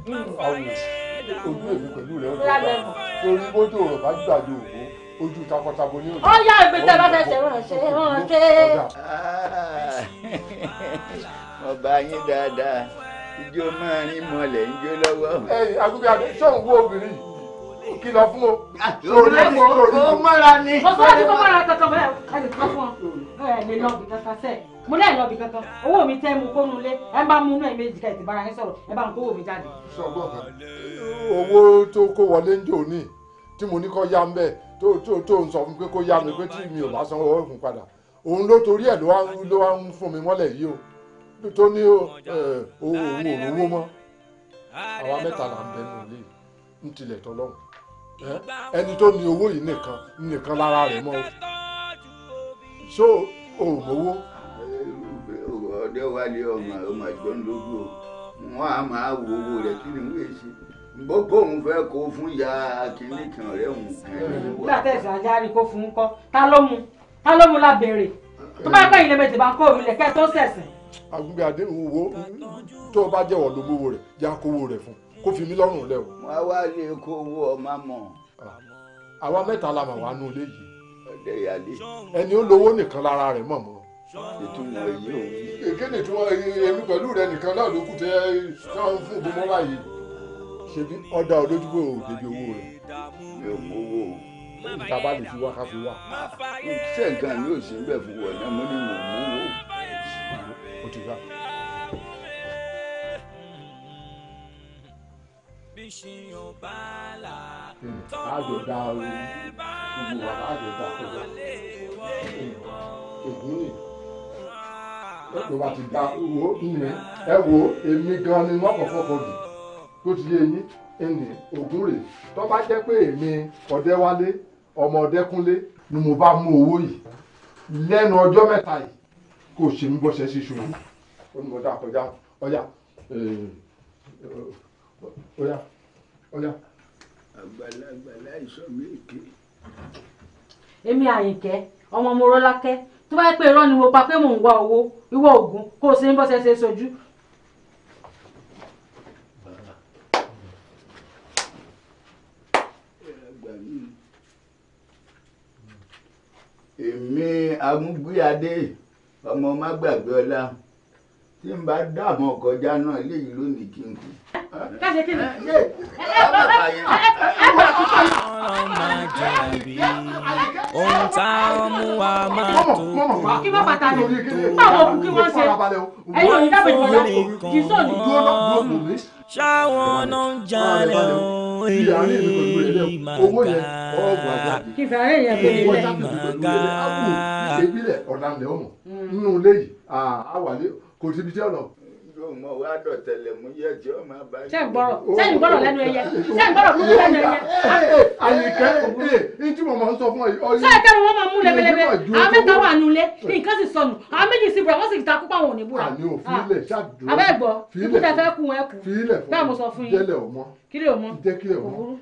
Mm. ojú èmi pẹ̀lú rẹ̀ ó ti bá torí bójú ọ̀rọ̀ bá gbàdo òwò ojú takọtabo ní òjò. ó yá ìgbésẹ̀ bá fẹsẹ̀ ránṣẹ́ ránṣẹ́. mo bá yín dáadáa ijó máa rin mọ́lẹ̀ ń jó lọ́wọ́. ẹ àgùbí àbẹ sọ̀rọ̀ wo obìnrin yìí kí lọ fún o. lórí ẹ̀mọ́ o mọ́ra ni. mo sọ ní kó mọ́ra kankan bẹ́ẹ̀ ká lè kọ́ fún ọ ẹ lè lọ bí kankan sẹ́ẹ̀ mo náà lọ bí kankan owó mi tẹ́ mu kónú lé ẹ bá mú inú ẹ méjì ká ìtìbára yín sọ̀rọ̀ ẹ bá ń kówó mi jáde. owó tó kó wọlé ń jò ní tí mo ní kó yá ń bẹ̀ tó tó tó ń sọ fún pé kó yá mi pé tí mi ò bá sanwó ọ̀hún padà òun ló torí ẹ̀ ló wá ń fún mi mọ́lẹ̀ yìí o tó ní òun òróró mọ́ àwa mẹ́ta là ń bẹ nù lé ń tilẹ̀ tọ́lọ́hún ẹni tó ní owó yìí nìkan nìkan lára rẹ̀ mọ́ so òmòwó. ọdẹ wa lé ọmọ ọmọ ìjọ ń lójú o wọn a máa wo owó rẹ kí ni wọn èsì gbogbo òun fẹ́ kó fún ìyá kínní kan rẹ̀ òun. nígbà tẹ̀ sí ajá rí kó fún un kọ́ ta ló mu ta ló mu la béèrè tó bá pẹ́ ìlẹ̀ bá ń kó òru kẹ́ tó sẹ̀sìn. àgùnbí àdéhùn wo tó o bá jẹ́wọ́ ló rẹ̀ yá kówó rẹ̀ fún kó fi mí lọ́rùn lẹ̀ wá wá lè kó owó ọmọ mọ̀. àwa mẹ́ta la mà wá nú ilé yìí. ọ̀dẹ̀ ìyáálé. ẹni ó lówó nìkan lára rẹ̀ mọ̀ mọ́ ìtumọ̀ èyí ò ṣe bí ọ̀dà olójúgbò òdèjì owó rẹ̀. mi mówó o. fi wá ká wá. ṣé nǹkan mi ò ń bẹ̀ fún wọn náà mo ní mò ń mówó. o ti gbà. láàjọ dá o gbogbo wa láàjọ dá o gbà. ègún ni lọ́pọ̀ bá ti dá owó ẹ wo èmi gan ni wọ́n kọ̀ fọ́kọ̀ dùn tó ti yé yín ẹnì ògùn rè tó bá jẹ́ pé èmi ọ̀dẹ́wálé ọmọ ọ̀dẹ́kúnlé ni mo bá mú owó yìí lẹ́nu ọjọ́ mẹ́ta yìí kò ṣe mí bọ́sẹ̀ sí ṣòro ó ní mo dá kọjá ọ̀yà eh, ọ̀yà ọ̀yà. àgbàlagbà láìsọ mí èké. èmi àyìnkẹ́ ọmọ mo rọ́lákẹ́ tó bá yẹ pé irọ́ ni mo pa pé mò ń wá owó ìwọ ògùn kó o ṣe ń bọ́sẹ̀ ṣe sojú èmi amúgbéadé ọmọ má gbàgbé ọlá tí n bá dààmú ọkọjá náà léyìí lónìí kí n kú. káṣe kí ni. Eh, ẹ ẹ bàbá yẹn. ọ̀rọ̀ máa jẹ̀bi ohun tá a mú wa máa tó kó kí wọ́n bàtà ni báwo kí wọ́n ṣe ẹ̀yìn òyìnbá bẹ̀rẹ̀ wọ́n kì í sọ̀rọ̀. ṣáwọn náà ń jalè o èyí màgà èyí màgà. ìṣèbílẹ̀ ọ̀dàlẹ̀ ọ̀mọ̀ nínú ilé yìí àwàlẹ̀ kò síbi tí ọ̀nà wá dọ̀tẹ̀lẹ̀múyẹ́ jẹ́ ọmọ abáyé. ṣé ń gbọ́rọ̀ ṣé ń gbọ́rọ̀ lẹ́nu ẹyẹ ṣé ń gbọ́rọ̀ lójú lẹ́nu ẹyẹ. àyíkẹ́ ee tí mo máa ń sọ fún ọ. ṣé ẹ̀ka ni wọ́n máa mú lẹ́bẹ̀lẹ́bẹ̀ àwọn mẹ́ta wà nulẹ̀ nǹkan sì sọnù àwọn méjì sì búra wọ́n sì ta kópa wọn ò ní búra. àní ò fílẹ̀ ṣáàdúró ah, abẹ́ gbọ́ ìkúta fẹ́ kú ẹ kú bẹ́ẹ̀ mo sọ fún yín kílẹ̀ ò mọ́ kílẹ̀ ò mọ́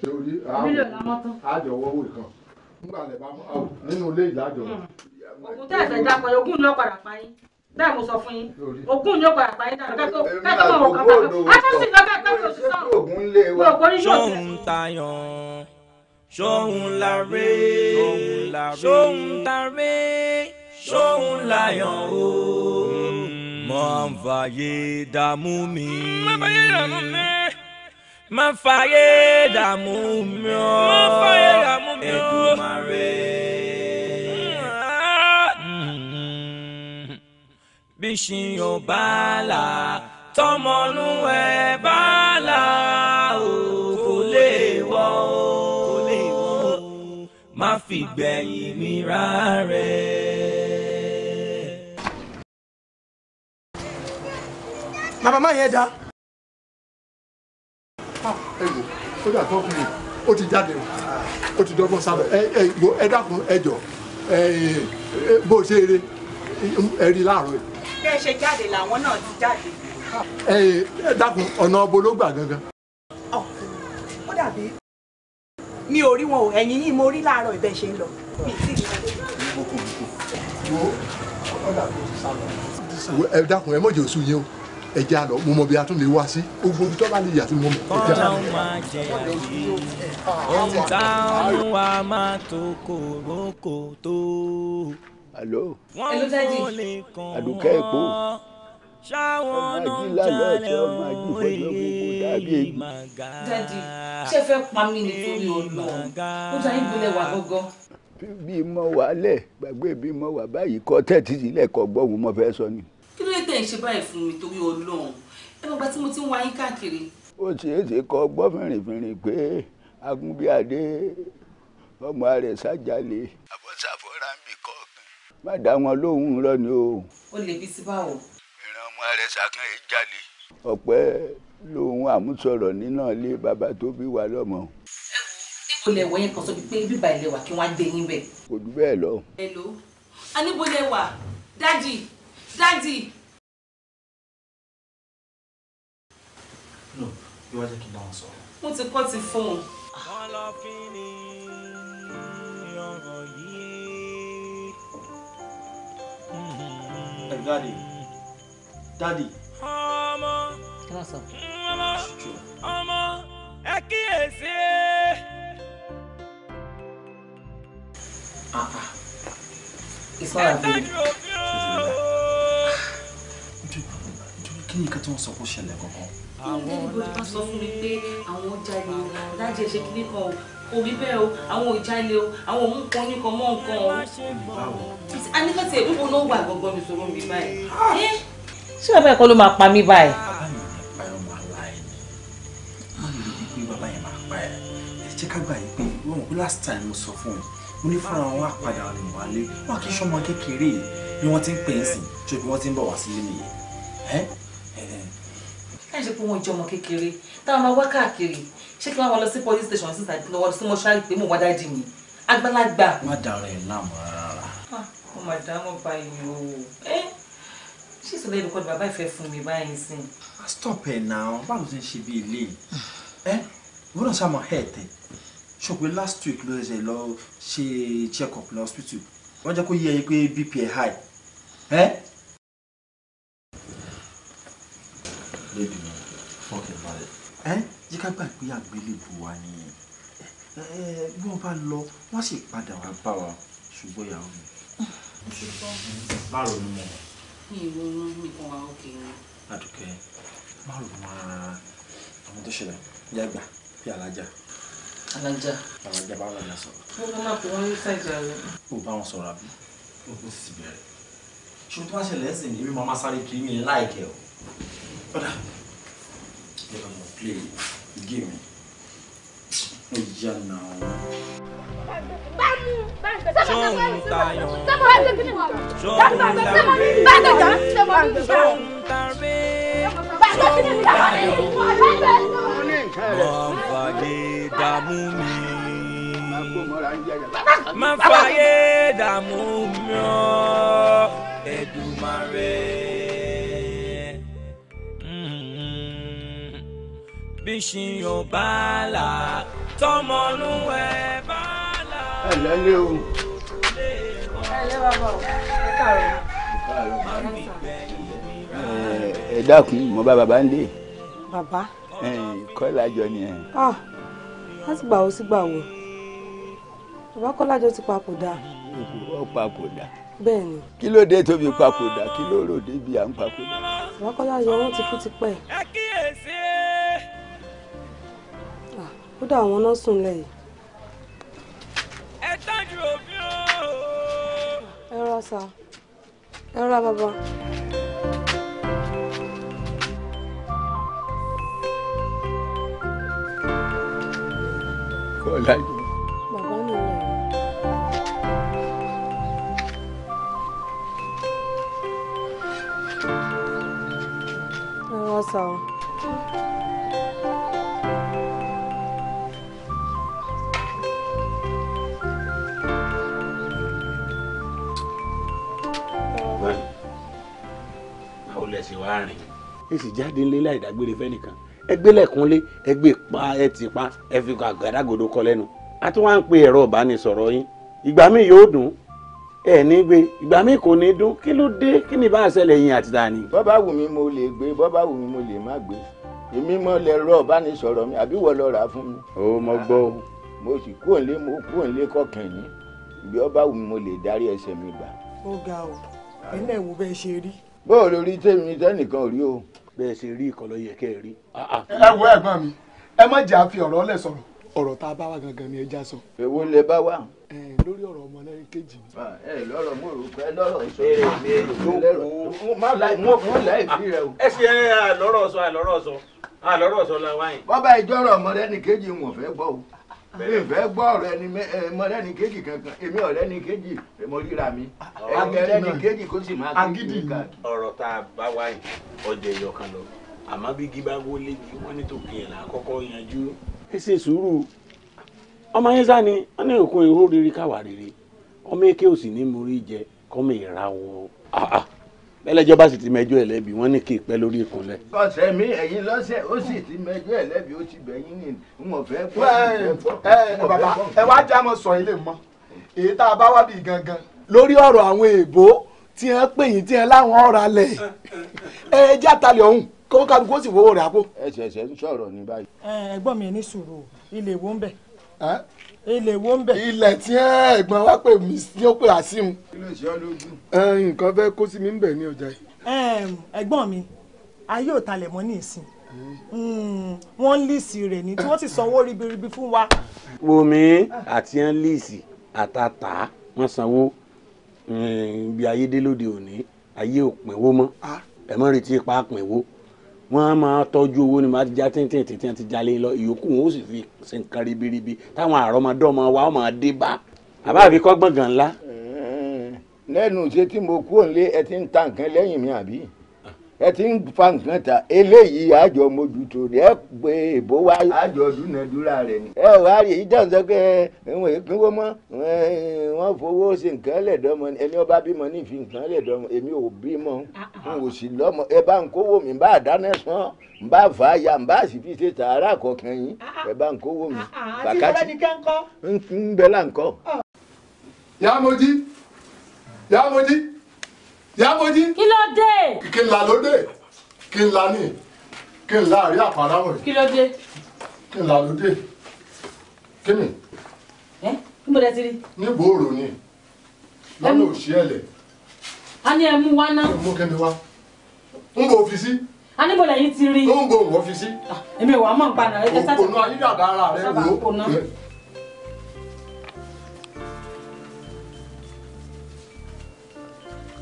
torí àjọwọ́ wò kan nígbà lè bá mọ́ nínú ilé ìdájọ́. Hmm. òkúta ẹ̀sẹ̀ ìdápọ̀ ogun ló padà pa yín bẹ́ẹ̀ mo sọ fún yín ògùn ni ó padà pa yín dànù kẹ́kọ̀ọ́ kẹ́kọ̀ọ́ mọ̀ ọ̀kan pàtó àtúnṣe lọ́kẹ́ pẹ́ẹ́lú òṣìṣẹ́ ọ̀hún mi ò kò ní ṣòwò. ṣóhun tayàn ṣóhun láre ṣóhun láre ṣóhun láyàn o máa ń fàyè dààmú mi. máa ń fàyè dààmú mi. máa ń fàyè dààmú mi. máa ń fàyè dààmú mi. Èdùmàrè. bí ṣin ò bá là tọmọnú ẹ bá là ó kò lè wọ ó má fi gbẹ̀yìn mi rárẹ̀. màmá má yẹn dá. Ah, ẹ wò ó dà tó kún mi ó ti jáde o ó ti dọ́gbọ́n sábẹ̀ ẹ ẹ ẹ dákun ẹ jọ ẹ bó ṣe eré ẹ rí láàárọ̀ yìí bẹ́ ẹ ṣe jáde làwọn náà ti jáde. ẹ ẹ dákun ọ̀nà ọbọ ló gbà gangan. ọ ó dàbí mi ò rí wọn o ẹ̀yìn yìí mo rí láàárọ̀ ìbẹ̀ ṣe ń lọ. ẹ dákun ẹ mọ̀jẹ̀ oṣù yẹn o ẹ jẹ́ àlọ́ mo mọ bí a tún lè wá sí gbogbo ibi tó bá lè yà sí mo mọ̀. kọ́ńtà ń máa jẹ àyè ohun táwọn wa máa tó kòrókò tó alo adukẹ epo ọmọ ají lálẹ́ ọtí ọmọ ají fọjọ́ gbogbo dàbí ebi. dadi ṣe fẹ́ pa mí nítorí Ọlọ́run ó ta ìgbélé wa gọgọ. bí mo wà lẹ̀ gbàgbé bí mo wà báyìí kọ́ tẹ́tí sílẹ̀ kọ́ gbọ́hùn mo fẹ́ sọ ni. kí ló dé tẹ̀ ń ṣe báyìí fún mi torí Ọlọ́run ẹ bàbá tí mo ti ń wá yín káàkiri. ó ṣeé ṣe kọ́ gbọ́ fìrìfìrì pé agúnbíàdé ọmọ rẹ̀ ṣàjálè. àbọ̀ṣàfọ́ra má dá wọn lóhùn rọ ni o. ó lè bí sí báwo. ìran ọmọ rẹ ṣàkàn èyí jalè. ọ̀pẹ́ lòun àmúsọ̀rọ̀ nínú ilé bàbá tó bí wa lọ́mọ. níbo lẹ wọ yẹn kan sọ pé bíbá ilé wa kí wọn á gbé yín bẹ̀. kò jù bẹ́ẹ̀ lọ. hello a níbo lẹ wà dádì dádì. no bí wàá jẹ́ kí n bá wọn sọ̀rọ̀. wọ́n ti kọ́ ti fóun. wọ́n ẹ gáde dáàdì. ọmọ ẹ kíyèsí. ìfọ̀rọ̀ bẹ̀rẹ̀ kí ni nǹkan tí wọ́n sọ kó ṣẹlẹ̀ gangan. ìlú ìbòdì kan sọ fún mi pé àwọn ọjà ìlú lájẹ ṣe kíní kan kò rí bẹ́ẹ̀ o àwọn òjálè o àwọn òun kan oníkan mọ́ nǹkan o. anikọ́tì èbúbo náà wà gbọ̀ngàn mi sọ̀rọ̀ mi báyìí. Ah! Eh? ṣé bàbá ẹ̀kọ́ ló máa pa mí báyìí. jẹ́ ká gbà yìí pé wọn kú last time mo sọ fún un mo ní fúnra wọn wá padà ní wálé wọn kì í ṣọmọ kékeré bí wọ́n ti ń pè é sìn ju bí wọ́n ti ń bọ̀ wá sílé nìyẹn. láì ṣe pé wọn jẹ ọmọ kékeré táwọn máa wá káàkiri ṣé kí wọ́n wọ́n lọ sí police station sísà lọ́wọ́ sí mọ́ṣáàrì pé mò ń wá dáàdì mi àgbàlagbà. má dàrọ ẹ láàmú rárá. ó ah, mà dáhùn báyìí o eh, ṣé ìṣẹ̀lẹ̀ ìlú kọ́ ni bàbá ìfẹ́ fún mi báyìí sí. Ah, stop ẹ̀ náà báwo ṣe ń ṣe bí ilé ẹ gbọ́dọ̀ sàmọ̀ ẹ̀ tẹ̀ ṣùgbọ́n last week ló ṣe lọ ṣe check up lọ hospital wọ́n jẹ́ kó yé ẹyin pé bp ẹ̀ high ẹ́. lady mi fọkàn balẹ̀. ẹ́ jẹ́ ká gbàgbé àgbélébù wa ni bí wọ́n bá lọ wọ́n sì padà wá bá wa ṣùgbọ́n ìyàwó mi. báwo ni mo. mi ì ronú mi kàn wá òkè ni. ládùúkẹ́ má ronú rárá àwọn tó ṣẹlẹ̀ yá gbà bí alájà. alájà. alájà bá alájà sọ̀rọ̀. mo kọ́ máa pè wọ́n ní sàjà rẹ̀. o bá wọn sọ̀rọ̀ àbí o kò sì bẹ̀rẹ̀. ṣé o tó bá ṣẹlẹ̀ ẹ̀sìn èmi máa sáré kiri mi láìkẹ́ o. ọ̀dà ẹ̀ bá mọ̀ Give me. Ó yá náà o. Bámu sọ́hún tayọ̀ sọ́hún tàbí sọ́hún tàbí sọ́hún tayọ̀ wọ́n fàyè dààmú mi. Má fàyè dààmú mi ọ́ Èdùmàrè. bí ṣìyàn bá là tọmọnú ẹ bá là. ẹ lẹ́lẹ́ o. ẹ lẹ́ bàbá o ẹ káàárọ̀. ẹ dákun mo bá bàbá ń dé. bàbá. kọ́lá jọ ni ẹ. láti gbà ó sí gbà wò bàbá kọ́lá jọ ti papòdà. ó papòdà bẹ́ẹ̀ni. kí ló dé tó papòdà kí ló rò débi à ń papòdà. bàbá kọ́lá yọ wọ́n ti kú tipẹ́. ẹ kíyèsí ó dà àwọn náà sùn lẹ́yìn. ẹ tọ́jú òbí o. ẹ rà sá ẹ rà bàbá. kọ́lá yìí. bàbá mi lọ. ẹ rà sá o. lẹ ṣe wá rìn. ẹ sì jáde ńlẹ láì dágbére fẹ́nìkan ẹ gbélẹ̀kúnlé ẹ gbé pa ẹ ti pa ẹ fi àgádágodo kọ lẹ́nu a tún wá ń pe ẹ̀rọ ìbánisọ̀rọ̀ yín ìgbà míì yóò dùn ẹ ní gbé ìgbà míì kò ní dùn kí ló dé kí ni bá ṣẹlẹ̀ yín àti ta ni. bọ́ bá wù mí mo lè gbé bọ́ bá wù mí mo lè má gbé èmi mọ lẹ rọ ìbánisọ̀rọ̀ mi àbí wọ́n lọ rà fún mi. o mo gbọ́ o. mo sì kúrò nílé mo kúrò nílé kọkàn yín bí ọba wù mí mo lè darí ẹsẹ̀ mi gbà. ó ga o ẹ náà wo bẹ́ẹ̀ ṣe rí bóò lórí tèmi tẹnìkan ò rí o. bẹ́ẹ̀ ṣe rí ìkọlọ yẹ kẹ́ ẹ rí. Ah, ah. ẹ wo ẹ̀gbọ́n mi ẹ má jẹ́ àfi ọ̀rọ̀ lẹ̀ sọ̀rọ̀ ọ̀rọ̀ tá a bá wà gangan ni ẹ já sọ. èwo lè bá wà. lórí ọ̀rọ̀ ọmọ lẹ́yìn kejì. Ah, ẹ lọ́rọ̀ mo rò pé lọ́rọ̀ sọ èrè mi lẹ́rọ mo láì fi rẹ o. ẹ ṣe àlọ́rọ̀ sọ àlọ́rọ̀ sọ àlọ́rọ̀ sọ làwọn yìí. bọ́bá ìjọ́rọ̀ ọmọ lẹ́yìn kejì wọn fẹ́ gbọ́ o. ìfẹ́ gbọ́ ọrọ ẹni mọ́lẹ́ kejì kankan èmi ọ̀rẹ́ kejì mo ríra mi kejì kó sì máa kéjì ká. ọ̀rọ̀ tá a bá wá ọjà lọ àmọ́ bí gíba wọlé bí wọ́n ní tòkè ẹ̀ là kọ́kọ́ yanjú. ẹ ṣe sùúrù ọmọ yẹn sáni wọn ní òkun rere ọmọ èké ò sì ẹlẹ́jọ́ bá sì ti mẹjọ́ ẹ lẹ́bi wọ́n ní kí ìpẹ́ lórí ìkúnlẹ̀. ọ̀sẹ̀ mi ẹ̀yin lọ́sẹ̀ ó sì ti mẹjọ́ ẹ lẹ́bi ó ti bẹ̀yìn ní wọn fẹ́ fọ́. ẹ bàbá ẹ wá já mọ sọ ilé mọ èyí tá a bá wá bí gangan lórí ọ̀rọ̀ àwọn èèbó tí wọ́n pè yín tí wọ́n láwọn ọ̀rọ̀ alẹ̀ ẹ játalẹ̀ ọ̀hún kó kálukú ó sì fowó rẹ̀ àpò. ẹ ṣẹ̀ṣẹ̀ ń sọ̀rọ̀ ní báyìí. ẹ̀gbọ́n mi ní sùúrù ilé ìwò ń bẹ̀ ilé wo ń bẹ̀. ilẹ̀ tí ẹ̀gbọ́n wa pè mí ní ó pè á sí un. ilé ìṣẹ́ ológun. nǹkan fẹ́ kó sí mi ń bẹ̀ ní ọjà yìí. ẹ̀gbọ́n mi ayé ò talẹ̀ mọ́ ní ìsìn hmm, wọ́n ń líìsì rẹ̀ ní tí wọ́n ti sanwó ribiribi fún wa. omi àti ẹ̀ ń líìsì àtàtà wọ́n sanwó hmm, bí ayédèlóde òní ayé ò pínwó mọ́ ah. ẹ mọ́ retí ipa pínwó wọ́n á máa tọ́jú owó ni màá ti já tíntín tíntín ti jalè lọ ìyókù wọn ó sì fi ṣe nǹkan ribiribi táwọn àrọ́mọdọ́mọ wa ó máa dé bá àbá àfi kọ́ gbọ̀ngàn ńlá. lẹ́nu ṣe tí mo kú òǹlé ẹ ti ń ta nǹkan lẹ́yìn mi àbí ẹ ti ń fa nǹkan ta eléyìí àjọ mójútó rẹ ẹ pé èbó wá. àjọ dúnadúrà rẹ ni. ẹ wá rí èyí dáhùn sọ pé wọn ìpínwó mọ wọn fowó ṣe nǹkan lẹdọmọ ẹni ọba bímọ ní ìfi nǹkan lẹdọmọ èmi ò bímọ n ò sì lọmọ ẹ bá ń kówó mi bá dáná sán n bá fà á ya n bá sì fi ṣe tààrà kọkàn yín ẹ bá ń kówó mi. Ah, ah, ah, bàkàtì ń bẹ là ń kọ. Oh. yàá mojí yàá mojí. Yámojí. kí ló dé. kí n la ló dé kí n la ní kí n la àrí àpáráwọ̀ rẹ̀. kí ló dé. kí n la ló dé kí ni. ẹ kí mo dẹ ti rí. ní gbòòrò ni lọ́nà òsì ẹ̀lẹ̀. a ní ẹ mú náà. mú kí ni wá bò fi sí. a ní bọ̀dẹ̀ yìí ti rí. n bò wọ́n fi sí. Ah, èmi ò wá mọ̀ n pa náà. òpònà ayédàdà ara rẹ̀ wò ó.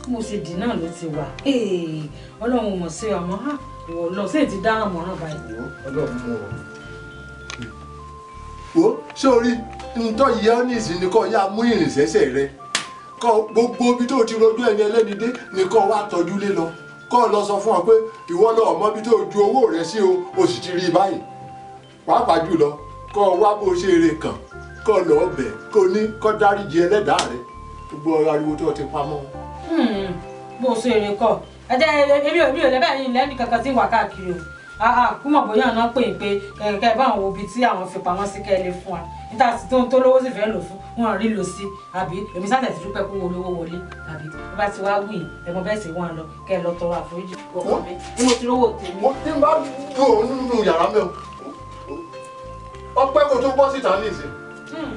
mo ṣe dì náà ló ti wà ọlọ́run mọ̀ sí ọmọ wọ̀ lọ sí èdè dáhùn mọ́ràn báyìí. ọlọ́run mọ̀ ọ́ wo sórí ntọ́ yẹ ọ́ ní ìsinmi kọ́ ya mú ìrìn sẹ́sẹ̀ rẹ kọ́ gbogbo ibi tó ti rojú ẹni ẹlẹ́ni dé ni kọ́ wá tọ́jú lé lọ kọ́ lọ sọ fún ọ pé ìwọ náà mọ ibi tó ju owó rẹ sí o o sì ti rí i báyìí pàápàá jùlọ kọ́ wá bó ṣe eré kàn kọ́ lọ́ọ́ bẹ̀ kó ní kọ́ dáríji ẹlẹ́dàá rẹ gbogbo ariwo tó ti pamọ́. Hmm, bó o ṣe èrè kọ ẹ jẹ́ èmi ò mi ò lẹ́bẹ̀ẹ́ yìí lẹ́nu kankan tí ń wà káàkiri o kúmọ̀ bóyá náà pè é pé kẹ̀kẹ́ bá àwọn òbí tí àwọn fi pamọ́ sí kẹ́lẹ́ fún wa níta sí tó ń tó lówó sì fẹ́ lò fún wọn rí lò sí àbí èmi sáà tẹ̀sí dúpẹ́ kó wo lówó wọlé àbí bí bá ti wá wí ẹ̀gbọ́n bẹ́ẹ̀ sì wọ́n lọ kẹ́ lọ tọrọ àforíjì ọkọ mi ni mo ti lówó tèmi. mo ti bá dùn òun nínú yàrá mẹ́wọ̀ ọpẹ́ kò tó bọ́ síta ní ìsìn. Hmm.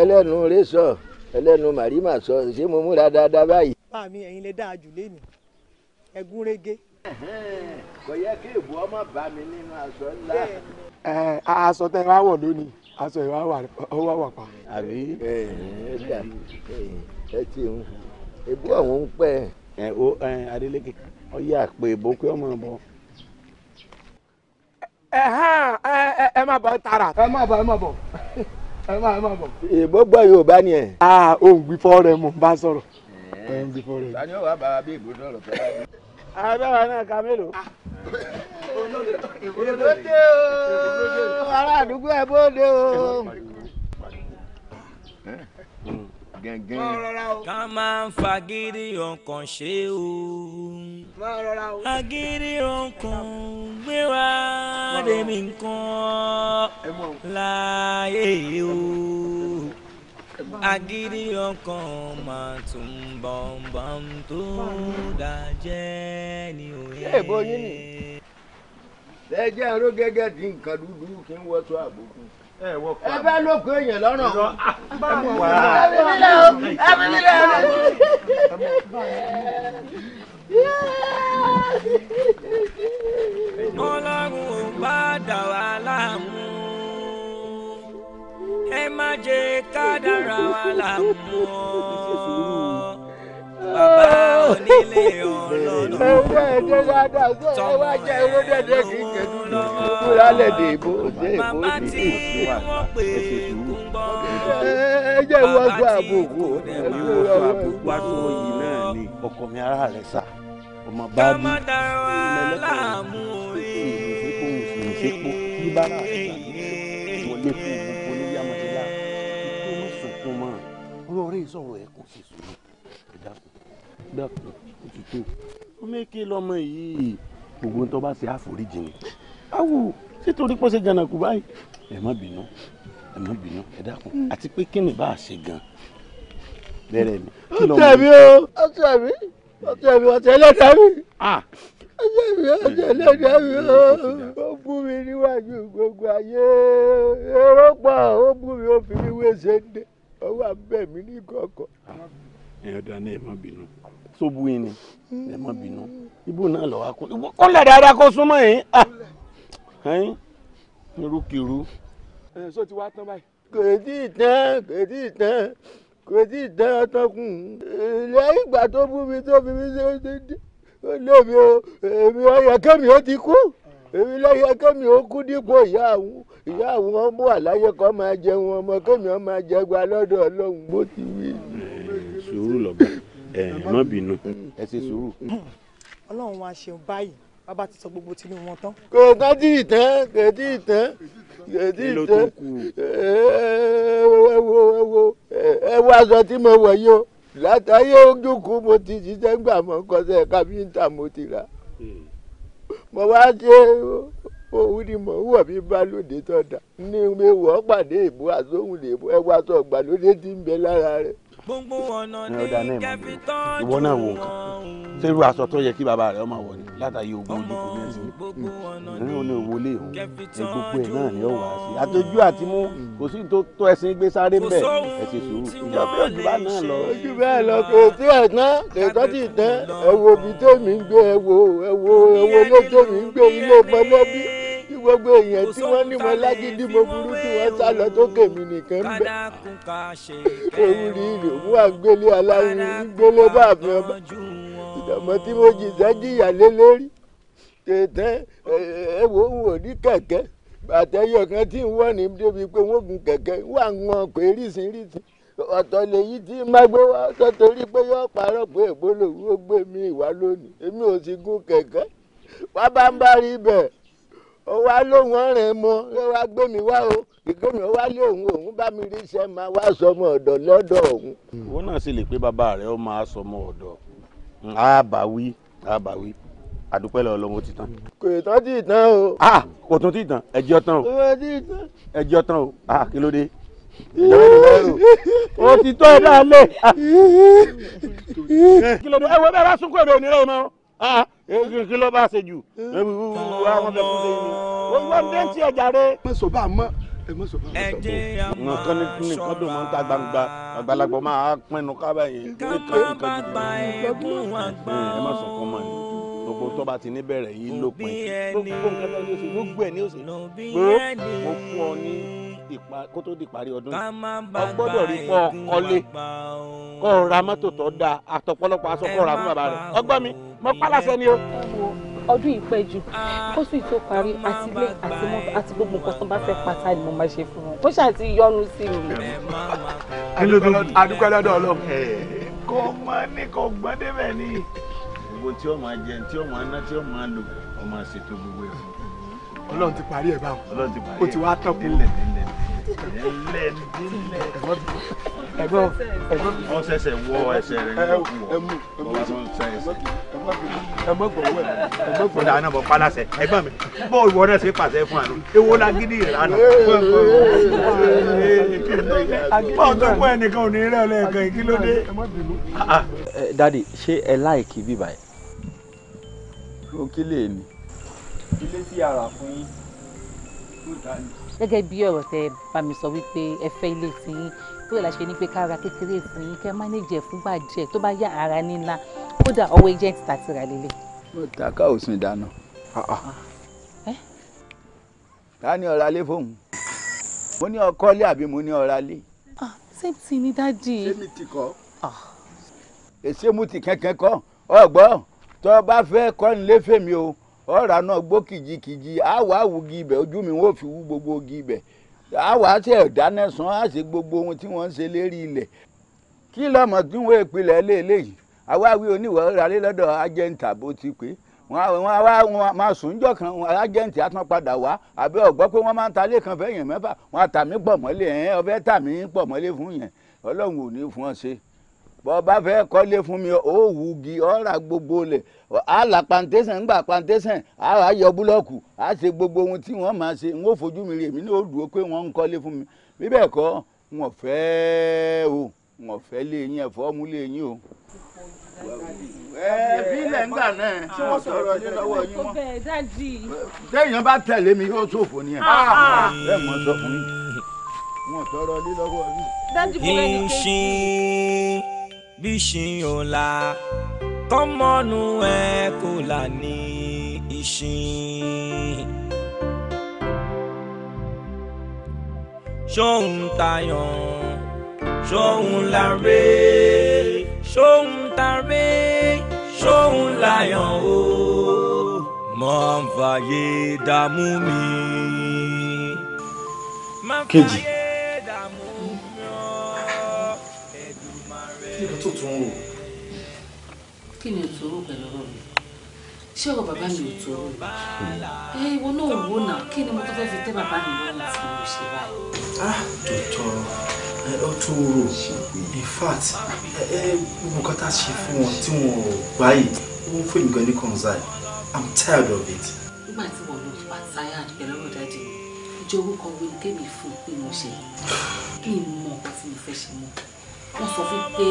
ẹlẹ́nu rẹ sọ ẹlẹ́nu màrímà sọ ṣé mo múra dáadáa báyìí. bá mi ẹ̀yin lè dáa jù lé ní ẹ̀gún rege. kò yẹ kí èbú ọmọ bá mi nínú aṣọ ńlá. ẹ eh, aṣọ tẹ wá wọ̀ lónìí aṣọ ìwà wà wà pa. àbí ẹ ẹ ti ń èbú ọ̀hún ń pẹ́. ẹ o Adeleke ọ yà pé èbó pé ọmọ bọ ẹ ẹ ẹ má bọ tààrà. ẹ má bọ ẹ má bọ ẹ máa máa bọ̀. èèbó gbọ́ yorùbá ni ẹ̀. a ò ń gbí fọ́ rẹ bá sọ̀rọ̀. ẹ ń gbí fọ́ rẹ. ta ni ó wàá bá bí èèbó sọ̀rọ̀ fẹ́ náà ka mélòó. èèbó ah. dé ará àdúgbò ẹ̀ bó dé ká máa ń fagídí ọkàn ṣe o. máa rọra o. agídí ọkàn gbé wá débi láyé o agídí ọkàn máa tún bọ̀m̀bọ̀m tó dájẹ́ ni òye. ṣé ìbò yín nì lẹ́jẹ́ aró gẹ́gẹ́ di nǹkan dúdú kí n wọ́tọ́ àbùkù ẹ bẹ́ẹ̀ ló èèyàn lọ́rùn ọ̀hún. ẹ bí nílẹ̀ o ẹ bí nílẹ̀ o. ọlọ́run ò bá dà wá láàmú ẹ má jẹ́ kádàrá wa làmú o bàbá onílé ọlọ́dún ọwọ́ ẹ̀jẹ̀ dáadáa sọ ẹ wá jẹ́ owó dẹ́dẹ́ kì í kẹ́dù kú lálẹ́ dè bó sọ àbùkù ẹ̀mí yìí náà ni ọkọ mi ara rẹ̀ sà ọmọ bá bí mẹlẹ́kọ̀ọ́ ìlú ìlú ìlú ìlú ìlú ìlú ìlú ìlú ìlú ìlú ìlú ọ̀rẹ́ sọ̀rọ̀ ẹ̀ kò sì sọ̀rọ̀ ẹ̀ dákun dákun ó ti tó ọmọ èké lọmọ yìí gbogbo ń tó bá ṣe àforíjì ni awo sítorí pọ́sẹ̀ jàǹdàkú báyìí ẹ má bínú ẹ má bínú ẹ dákun àti pé kí ni bá a ṣe gan bẹ̀rẹ̀ ni kí lọ́mọ yìí. ó tẹ̀ mí ó tẹ̀ mí ó tẹ̀ mí ó tẹ̀ mí ọjọ́bí ọjọ́lẹ́dẹ́ bú mi níwájú gbogbo ayé eré pa ó bú mi ó fi mi wé ṣe dé ó wà bẹ́ẹ̀ mí ní kọ̀ọ̀kan. ẹ̀yọ́ dání ẹ̀ má bínú sóbù yín ni ẹ̀ má bínú ibú náà lọ́wọ́ kó kúnlẹ̀ dáadáa kó súnmọ́ yín ẹ̀yìn irúkirú. ẹ sọ ti wá tán báyìí. kò tí ì tán kò tí ì tán kò tí ì tán ọtọkùn lẹ́yìn ìgbà tó bú mi tó fi mi ṣe ó lé mi ó èmi ọyọ kẹ́mi ó ti kú èmi lọ́yẹ kémi ó kú dípò ìyá àwọn ìyá àwọn ọmọ àláyé kan máa jẹun ọmọ kémi ọmọ àjẹgba lọ́dọ̀ ọlọ́run bó ti wí. Eh, sùúrù lọ́ba eh, ẹ má bínú. ẹ ṣe sùúrù. ọlọ́run wa ṣeun báyìí bàbá ti sọ gbogbo tinú wọn tán. kò ká tí ì tán kò tí ì tán kò tí ì tán eh, ẹ wo aṣọ tí mo wọ̀ yìí o látàyé ojúkú mo ti ṣiṣẹ́ gbà mọ́ kọsẹ̀ kábíńtà mo ti rà. mo wá dé òun ni mò ń wọ̀ bá lóde tó dà ní ewu pàdé ìbò àtòhùn lè bọ́ ẹwà tó gbà lóde ti ń bẹ lára rẹ gbogbo ọ̀nà ní kẹfì tọ́jú ṣé irú aṣọ tó yẹ kí bàbá rẹ ọmọ wọ ni ogun ojú kò ní ẹsìn ní òun ní òwò lè hàn ní gbogbo ẹ náà ní ọwọ́ àti mú kò sí tó tó ẹsìn gbé sáré ń bẹ ẹ sùúrù ìjà bí ojú bá náà lọ. ojú bẹ́ẹ̀ lọ kò tí ẹ̀ tán ti tán ẹ wo tó mi ń gbé ẹ wo ẹ ló tó mi ń gbé òun ló pẹ́ mọ́ bí gbogbo èèyàn tí wọ́n ní mo lágídí mo burú tí wọ́n sá lọ tó kèmí nìkan ń bẹ̀. ewu rí rè mú àgbélé aláwọ̀ gbélé bá àfin ọba ìdààmú tí mo jì sẹ́jìyà lé lórí tètè ẹ̀wò ń wò ní kẹ̀kẹ́ àtẹ̀yọ̀ kan tí ń wọ́n ní débi pé wọ́n gun kẹ̀kẹ́ wà ń wọn pé rísìírísìí ọ̀tọ̀ lèyí tí má gbé wá sọ torí pé yóò parọ́ pé ègbó gbé mi ìwá lónìí èmi ò sì gun kẹ̀kẹ́ wá rí bẹ́ẹ̀ ó wá lóun ọ̀rìn mo ló wá gbómi wá o ìgbómi ó wá lé òun òun bá mi rí iṣẹ́ máa wá sọmọ ọ̀dọ̀ lọ́dọ̀ òun. ìwọ náà sì lè pé bàbá rẹ ó máa sọmọ ọ̀dọ̀ àbáwí àbáwí àdúpẹ́ lọ lọ́wọ́ ti tán. kò tán tí ì tán o. a kò tún tí ì tán ẹjọ́ tán o. kò tí ì tán. ẹjọ́ tán o a kí ló dé. o ti tọ́ ọ bá a lé. kí ló dé ẹ wọ bẹ́ẹ̀ bá sunkún èrò òní rẹ̀ mọ́ kí ló bá ṣe jù nǹkan ní kí nǹkan tó máa ń ta gbangba àgbàlagbà máa pinnu kábàá yẹn nǹkan nǹkan jù ẹ má sọ kọ́ mọ́ ẹ gbogbo tó bá ti ní bẹ̀rẹ̀ yìí ló pin gbogbo nǹkan tó ní gbogbo ẹ̀ ní oṣù gbogbo mo fún ọ ní kó tó di ìparí ọdún ọ rí kọ́ ọ kọ́lé kọ́ ra mọ́tò tó dáa àtọ̀pọ̀lọpọ̀ aṣọ kọ́ ra fún bàbá rẹ̀ ọgbọ́n mi mo pálásẹ ni o. ọdún yìí pẹ́ jù ah. kó sì tó parí àti ilé àti mọ́tò àti gbogbo nǹkan tó bá fẹ́ pátá ni mo máa ṣe fún wọn kó ṣáà yọnu sí mi. adúpẹ́ lọ́dọ̀ ọlọ́run. kó mọ ní kó gbọ́n débẹ̀ ni gbogbo tí ó máa jẹ tí ó máa ná tí ó máa lò ó máa ṣètò gbogbo ẹ̀ fún ọlọ́run ti parí ẹ̀ báwọn ọlọ́run ti parí ẹ̀ ó ti wá tán kú ẹ̀gbọ́n ẹ̀gbọ́n ọ̀sẹ̀sẹ̀ wọ ẹsẹ̀ rẹ̀ ní ọkùnrin ọ̀sẹ̀ ẹsẹ̀ ọ̀dà àná bọ̀ palasẹ̀ ẹ̀gbọ́n mi bọ́ọ̀lù ṣe ah, ah. eh, ẹ láìkí bíbá ẹ. o kí lè ní. ilé tí a rà fún yín gẹ́gẹ́ bí ọ̀rọ̀ tẹ bá mi sọ wípé ẹ fẹ́ ilé tí tó yẹ la ṣe ní pé kára kékeré fún yín kẹ́ mánéjì ẹ̀ fúngbà díẹ̀ tó bá yá ara ní ńlá kódà ọwọ́ ẹjẹ́ ti tà síra lélẹ̀. mo ta ká ò sùn ìdáná. Ah, ah. ta ni ọ̀rá lé fóun mo ní ọkọ lé àbí mo ní ọ̀rá lé. Ah, same thing ni dáàdì. sẹ́mi ti kọ́. èsì mú ti kẹ́kẹ́ kọ́ ọ̀gbọ́n tó o bá fẹ́ kọ́ ni léfèmí o ọ̀rá náà gbó kìjikìji àwọ̀ àwùgí ibẹ̀ ojú mi wọ́n fi wú gbogbo ogi ibẹ̀ àwa àti ẹ̀dáná san á ṣe gbogbo ohun tí wọ́n ń ṣe lérí ilẹ̀ kí lọ́mọ tí wọ́n ìpìlẹ̀ léèléyìí àwa wí oníwọ̀ọ́rẹ́ lọ́dọ̀ agẹ́ǹtà bó ti pé wọn wá wọn máa sùn jọ kan wọn agẹ́ǹtì àtún padà wá àbí ọ̀gbọ́ pé wọ́n máa ń ta ilé kan fẹ́yìn mẹ́fà wọn àtàmí pọ̀ mọ́lé ẹ̀ ọbẹ̀ tàmí pọ̀ mọ́lé fún yẹn ọlọ́run ò ní fún ọ ṣe bọ́ bá fẹ́ kọ́lé fún mi ó wù gi ọ̀rà gbogbo lẹ̀ á là ńgbà plantation á yọ búlọ́ọ̀kù á ṣe gbogbo ohun tí wọ́n máa ṣe n ó fojú mi rè mí ní òdùó pé wọ́n ń kọ́lé fún mi bí kọ́ wọn fẹ́ o wọn fẹ́ lé yín ẹ̀fọ́ mú lé yín o. ẹbí ilẹ̀ ńgbà náà tí wọ́n sọ̀rọ̀ ní lọ́wọ́ yín mọ́ téèyàn bá tẹ̀lé mi yóò ṣòfò ni ẹ̀ ah, ah. bẹ́ẹ̀ mọ́ sọ fún mi wọn sọ̀rọ̀ ní lọ́wọ́ yín bíṣin ọ̀la kọ́mọ́nù kò là ní ìṣin. ṣóhun tayàn ṣóhun láre ṣóhun tare ṣóhun láyàn o máa ń fàyè dààmú mi. kejì. ṣé ọ̀rọ̀ bàbá mi ò tó o hmm. ẹ ìwọ náà wò náà kí ni mo tó fẹ́ fi tẹ́ bàbá mi lọ́rùn tí mo ṣe báyìí. Ah, tòótọ́ ọ tún rò in fact nǹkan ṣe fún wọn tí wọn ò gbáyìí wọn fún mi ní concern i'm tired of it. nígbà tí wọn lọ pa tired pẹ̀lú ọ̀rọ̀ dájú ìjọ orúkọ wo ni kẹ́mi fún pé mo ṣe kí n mọ nǹkan tí mo fẹ́ ṣe mọ́ wọ́n sọ fún pé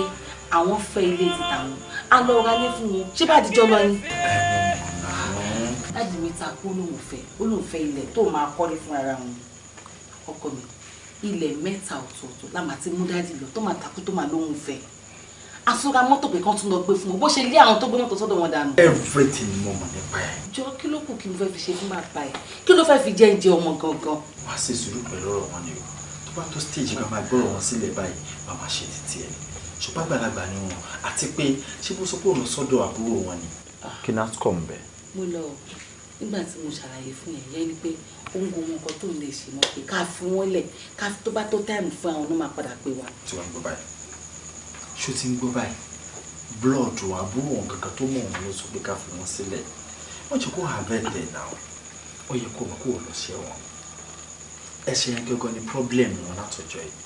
àwọn fẹ́ ilé ti tàwọn a lọ ra ilé fún wọn ṣé bá àtijọ́ lọ ni dájú mi ta kó lóun fẹ́ ó lóun fẹ́ ilẹ̀ tó máa kọ́lé fún ara wọn ọkọ mi ilẹ̀ mẹ́ta ọ̀tọ̀ọ̀tọ̀ la máa ti mú dájú lọ tó máa takú tó máa lóun fẹ́ asọ́ra mọ́tò pé kán tún lọ gbé fún wọn bó ṣe lé àwọn tó gbé mọ́tò sọ́dọ̀ wọn dànù. everything mo mọ̀ nípa ẹ̀. jọ kí ló kù kí n fẹ́ fi ṣe fún bàbá ẹ̀ kí ló fẹ́ fi jẹ́ ìjẹ ọmọ gangan. wàá ṣe sùúrù pẹ̀lú ọ̀rọ̀ wọn ni o tó bá tó stage máa máa gbọ́rọ̀ wọn sílẹ̀ báyìí máa máa ṣe títí ẹ̀ ṣùgbọ́n àgbàlagbà ni wọn àti pé ṣé bó sọ pé òun lọ sọ́dọ̀ àbúrò wọn ni. kí ni outcome bẹ́ẹ̀. mo lọ nígbà tí mo ṣàlàyé fún yẹn yẹn ni pé ó ń gun nǹkan tó ń lè ṣe mọ́ pé ká fi wọ́n lẹ̀ ká tó bá tó táìmù fún àwọn náà máa padà pé wa. tí wàá gbọ́ báyìí ṣó ti ń gbọ́ báyìí blood àbúrò wọn kankan tó mọ̀ wọn ló sọ pé ká fi wọn sílẹ̀ wọ́n ti kó àbẹ̀lẹ̀ náà ó yẹ kó wọn kó lọ sí ẹ̀wọ̀n ẹsẹ̀ yẹn gẹ́gọ́ ni problem wọn látọjọ́ yìí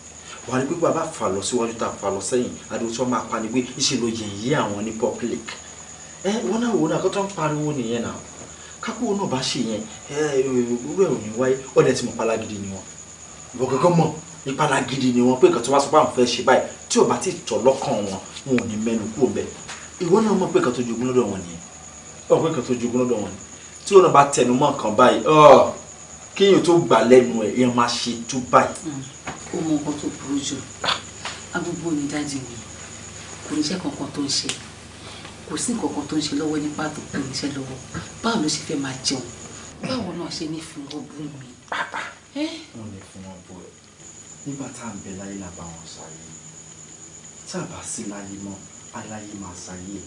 wàá rí pé bàbá fà lọ síwájú tá a fà lọ sẹ́yìn àdéhùn tí wọ́n máa pa ni pé ìṣèlú yẹ̀yẹ́ àwọn ní public ẹ wọn náà wò ó náà kó tó ń pariwo nìyẹn náà kákúwò náà bá ṣe yẹn irú ẹ̀ ò ní wáyé ọ̀dẹ̀ tí mo pa lágídí ni wọn ìwọ kankan mọ̀ nípa lágídí ni wọn pé nǹkan tó bá sọ pé àwọn fẹ́ ṣe báyìí tí ò bá ti tọ̀ lọ́kàn wọn wọn ò ní mẹ́nu kúrò bẹ́ẹ̀ ìwọ náà mọ̀ pé nǹkan tó jogún lọ́dọ̀ wọn nìyẹn ọ̀ pé nǹkan tó jogún lọ́dọ̀ wọn ni tí wọn bá tẹnu mọ́ nǹkan báyìí kéèyàn tó gbà lẹ́nu ẹ̀ yẹn máa ṣe tú báyìí. Hmm. ó mọ nǹkan tó burú jù kò sí nǹkan kan tó ń ṣe lọ́wọ́ nípa tó kún iṣẹ́ lọ́wọ́ báwo ló ṣe fẹ́ máa jẹun báwo náà ṣe ní fi wọ́n bú mi. wọn lè fún wọn bú ẹ nígbà tá à ń bẹ láyé là wọn ṣàyè tá a bá sí láyé mọ aláyé máa ṣàyè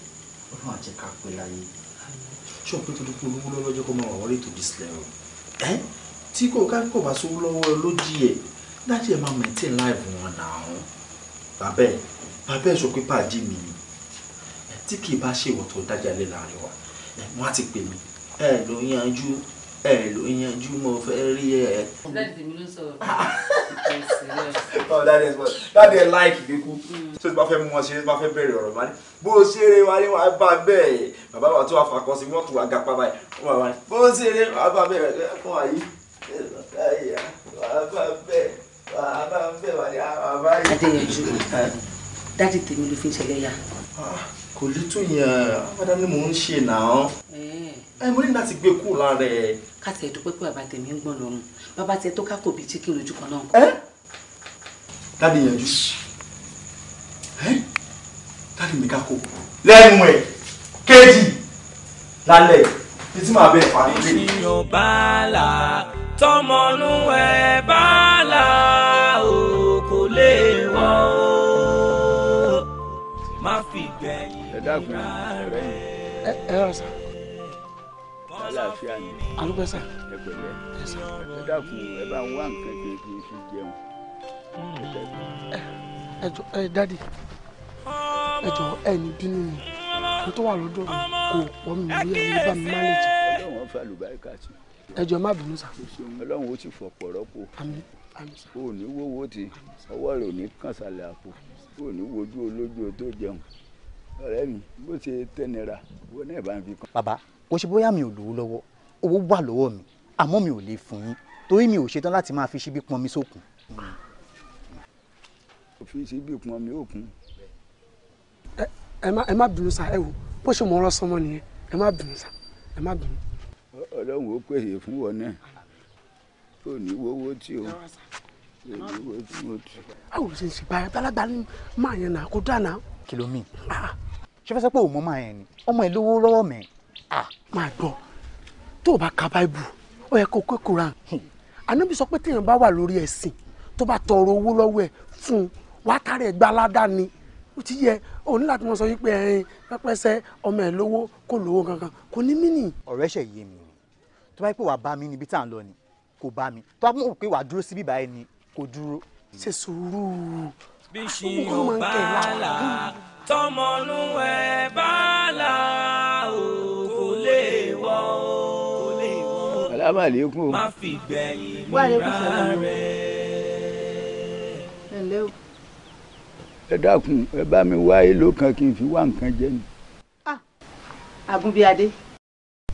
Ọlọ́run á jẹ́ ká pé láyé ṣé o pé tó dúpọ̀ olówó lọ́jọ́ kó máa wà wọlé tó dis level ẹ tí kò ká kò bá sówó lọ́wọ́ lójì ẹ̀ láti ẹ̀ máa maintain life wọn náà tí kì í bá ṣèwọ̀ tó dájà lé láàrin wa wọ́n á ti pè mí ẹ ló yanjú ẹ ló yanjú mo fẹ́ rí ẹ. dáàdì mi ló sọ̀rọ̀ ọ dáàdì ẹ sọ dáàdì ẹ láìkì kíkú tó ti bá fẹ́ mú wọn ṣe bá fẹ́ bẹ̀rẹ̀ ọ̀rọ̀ máa ní bó o ṣeré wa ni wàá bá bẹ́ẹ̀ bàbá wa tó wà fakọ sí mọ́tò wa gapá báyìí wọ́n wà ní bó o ṣeré wàá bá bẹ́ẹ̀ fún wa yìí wàá bá bẹ́ẹ̀ wàá bá bẹ́ẹ̀ wà ní yìí. adéyanjú dáàdì tèmi ló fi ń ṣẹlẹ̀ yá. Ah kò lítò yẹn àbádá ni mò ń ṣe náà ẹ mo ní láti gbé kúrò lára ẹ. ká tiẹ̀ dúpẹ́ pé bàbá tèmi ń gbọ́n lọ́rùn bàbá tiẹ̀ tó kákò bíi chicken lójú kan náà. ẹ dáàdi yanjú ẹ dáàdi mi kákò lẹ́nu ẹ̀ kéjì lálẹ́ ní tí màá bẹ̀ fà nílé. ènìyàn bá a là tọmọnú ẹ bá a dákun ọ̀rẹ́ yìí. ẹ ẹ rà sá. àlàáfíà ni. àlùbẹ́ sá. ẹ pẹ̀lẹ́ ẹ dákun ẹ bá ń wá nǹkan kan kí n fi jẹun. ẹ jọ ẹ dádì ẹ jọ ẹ ní bínú mi n tó wà lọ́dọ̀ mi kò pọ̀ mi lórí ẹ̀mí bá mi má lè jẹ. ọlọ́run wọn fẹ́ àlùbáríkà sí. ẹ jọ má bínú sá. ọlọ́run ó sì fọ̀pọ̀ rọ́pò. àmín o ní wọ́wọ́ ti ọwọ́ rẹ̀ ò ní kàn sálẹ̀ àpò o ní wojú olójú tó jẹun ọ̀rẹ́ mi bó ṣe tẹ́ naira owó náà bá ń fi kàn. bàbá kò ṣe bóyá mi ò lówó lọ́wọ́ owó wà lọ́wọ́ mi àmọ́ mi ò lè fún yín torí mi ò ṣetán láti máa fi ṣíbí pọn mi sókun. òfin ṣíbí pọn mi ò kún. ẹ má bínú sa ẹ wò bó ṣe mọ ọ̀rọ̀ sọmọ nìyẹn ẹ má bínú sa ẹ má bínú. ọlọ́run ó pèsè fún wọn náà tó ní wọ́wọ́ tí o èmi wo tí mo ti. báwo ṣe ń ṣe báyà bálábàá ni máa yẹn náà kó dáná. kìlómì ṣe fẹ́ sọ pé òun mọ́ máa yẹn ni ọmọ ẹ̀ lówó lọ́wọ́ mẹ́. à máa gbọ́ tó o bá ka báìbù ó yẹ kó o kékeré ra ànábì sọ pé téèyàn bá wà lórí ẹ̀sìn tó bá tọrọ owó lọ́wọ́ ẹ̀ fún un wàá tààrẹ̀ ẹ̀ gbalada ni ó ti yẹ òun láti mọ sọ wípé ẹyin pẹpẹsẹ ọmọ ẹ lówó kò lówó kankan kò ní mínì. ọ̀rẹ́ ṣe yé mi tó bá yẹ pé wàá bá mi níbi tá à ń lọ ni kò bá mi tó bá mọ̀ pé wàá dúró síbí báyìí ni kò dúró. ṣe sùúrù bí ṣe ò bá là tọmọnú ẹ bá là ó kò lè wọ ó. alámà lè kú o. má fi gbẹ̀yìn mìíràn rẹ̀. ẹ dákun ẹ bá mi wá èlò kan kí n fi wá nǹkan jẹ ni. Ah, àgùnbíadé.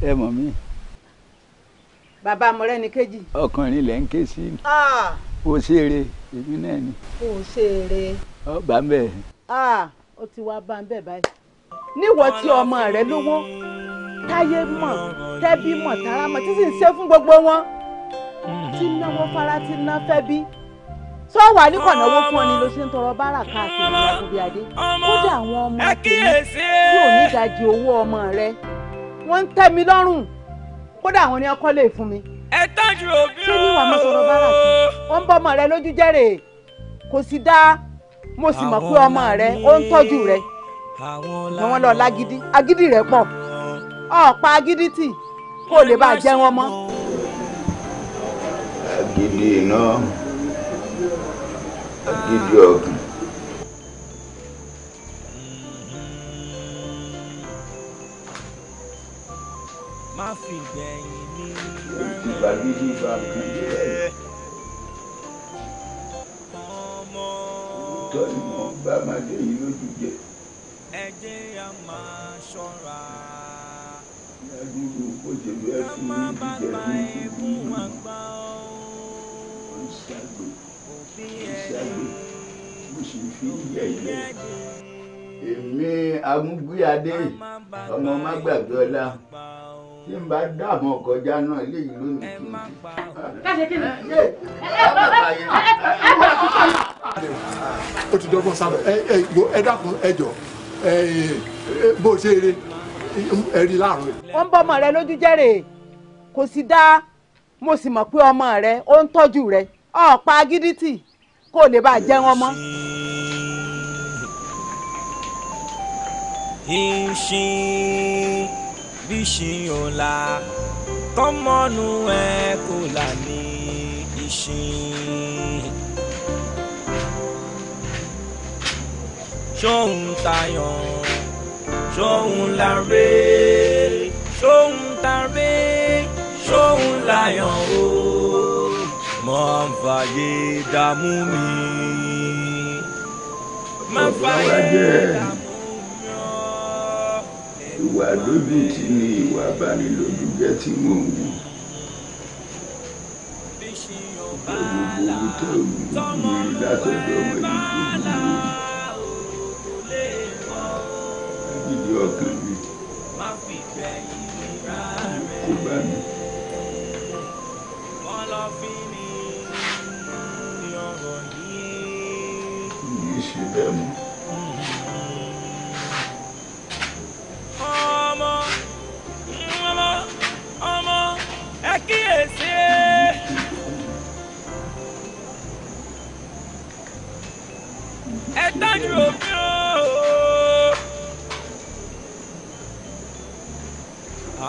ẹ mọ̀ mí. bàbá mọ̀rẹ́ni kejì. ọkùnrin lẹ́ ń ké sí. o ah. ṣeré èmi náà ni. o ṣeré. ọ bá ó ti wá bá ń bẹ̀ báyìí níwọ̀ tí ọmọ rẹ lówó táyé mọ̀ tẹ́bí mọ̀ tara mọ̀ tí sì ń ṣe fún gbogbo wọn tí náwó fara tí ná fẹ́ bí tó wà ní kọ̀nàwó fún ọni ló ṣe ń tọrọ bára káàkiri ìyàgùbí adé kódà àwọn ọmọ tèmi yóò ní ìdajì owó ọmọ rẹ wọ́n ń tẹ́ mi lọ́rùn kódà àwọn ni ọkọ lè fún mi. ẹ tọ́jú òbí o ṣé ní ìwà mi sọ̀rọ̀ bára kí wọ́n ń bọ́ ọmọ rẹ lójú jẹ́rè kò sì dáa mo sì mọ̀ pé ọmọ rẹ ó ń tọ́jú rẹ ni wọ́n lọ lágídí agídí rẹ pọ̀ ọ̀pá agídí tì kó lè bá jẹ́ wọn mọ́. agídí iná agídí ọ̀gùn. má fi gbẹ̀yìn ní. ó ti bàgídí òótọ́ ni wọ́n bá máa dé yìí lójú jẹ. ẹ jẹ́ a máa ṣọ́ra. ìyàgbọ́n kò jẹ̀lú ẹ fún mi jíjẹ fún mi fún wọ́n ṣàgbé wọ́n ṣàgbé mo sì fi yẹ̀yẹ́ èmi amúgbéadé ọmọ mágbàgbé ọlá tí n bá dààmú ọkọjá náà léyìí lónìí kí n ti. ẹ ẹ bá bá yẹn ó ti dọ́gbọ́n sábẹ̀ ẹ dákun ẹ jọ bó ṣe eré ẹ rí láàrún. ó bọ́ ọmọ rẹ lójú jẹ́rè kò sì dáa mo sì mọ̀ pé ọmọ rẹ ó ń tọ́jú rẹ ọ̀pá gídítì kó lè bá jẹ́ wọn mọ́. ìṣìn bíṣìn ọ̀la kọ́mọ́nù kò là ní ìṣìn. ṣóhun tayọ̀ ṣóhun láre ṣóhun tàré ṣóhun láyọ̀ o máa ń fàyè dààmú mi. máa ń fàyè dààmú mi. ìwà lójú tí ni ìwà abánilójú jẹ́ tí mò ń wù. gbogbo owó tó ń gbìyànjú ọkàn mi kó bá mi. kì í ṣe bẹ́ẹ̀ mọ́. ọmọ ọmọ ọmọ ẹ kíyèsí. ẹ dájú òbí.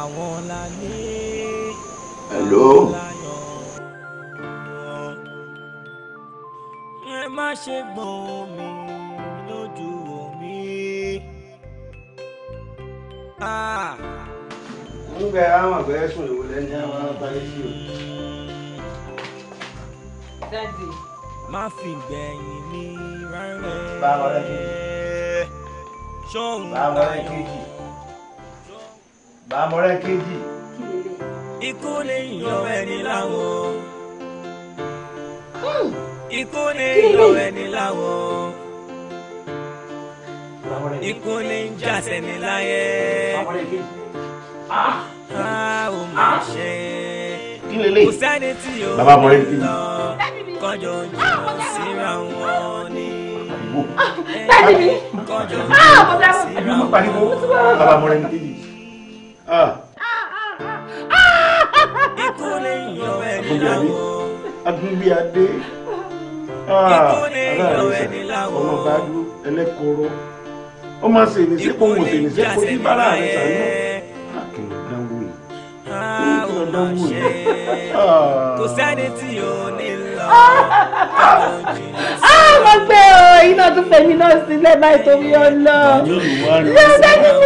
àwọn la ní. hello. ẹ má ṣe gbọ́n omi lójú omi. Ah. ń bẹ àwọn àgbẹ̀ sùn ìwò lẹ́ni àwọn abáyé sí o. dadi. má fi gbẹ̀yìn mi rárẹ̀. báwo lẹ́kẹ̀ẹ́. sọ́hun láyọ̀. báwo lẹ́kẹ̀ẹ́ bàmọ́rẹ́ kejì. ikú lè yan ẹni láwọn. Hmm. ikú lè yan ẹni láwọn. ikú lè ń jà sẹ́ni láyé. Ah. a ò mà ah. ṣe. kò sẹ́ni tí yóò lọ kọjọ jù ah, síra wọn ni pariwo. Bẹ́ẹ̀ni mi. Bàbá mo rẹ̀ ní kejì ikú ni ìyọ̀wé ni láwọ̀. agúnbíadé ikú ni ìyọ̀wé ni láwọ̀. ọmọ bá dúró ẹlẹ́kọ̀ọ́rọ́ ó máa ṣe ní sẹ́kọ̀ọ́ wò ṣe ní sẹ́kọ̀ọ́ bí bára rẹ̀ sànú. akẹ́rọ̀ dánwò yìí akẹ́rọ̀ dánwò yìí. Ah. kò sẹ́ni tí ò ní lọ. a ah, mọ̀ pé o iná tún fẹ̀mí náà sílẹ̀ báyìí tó fi ọ lọ. yóò wá rí i.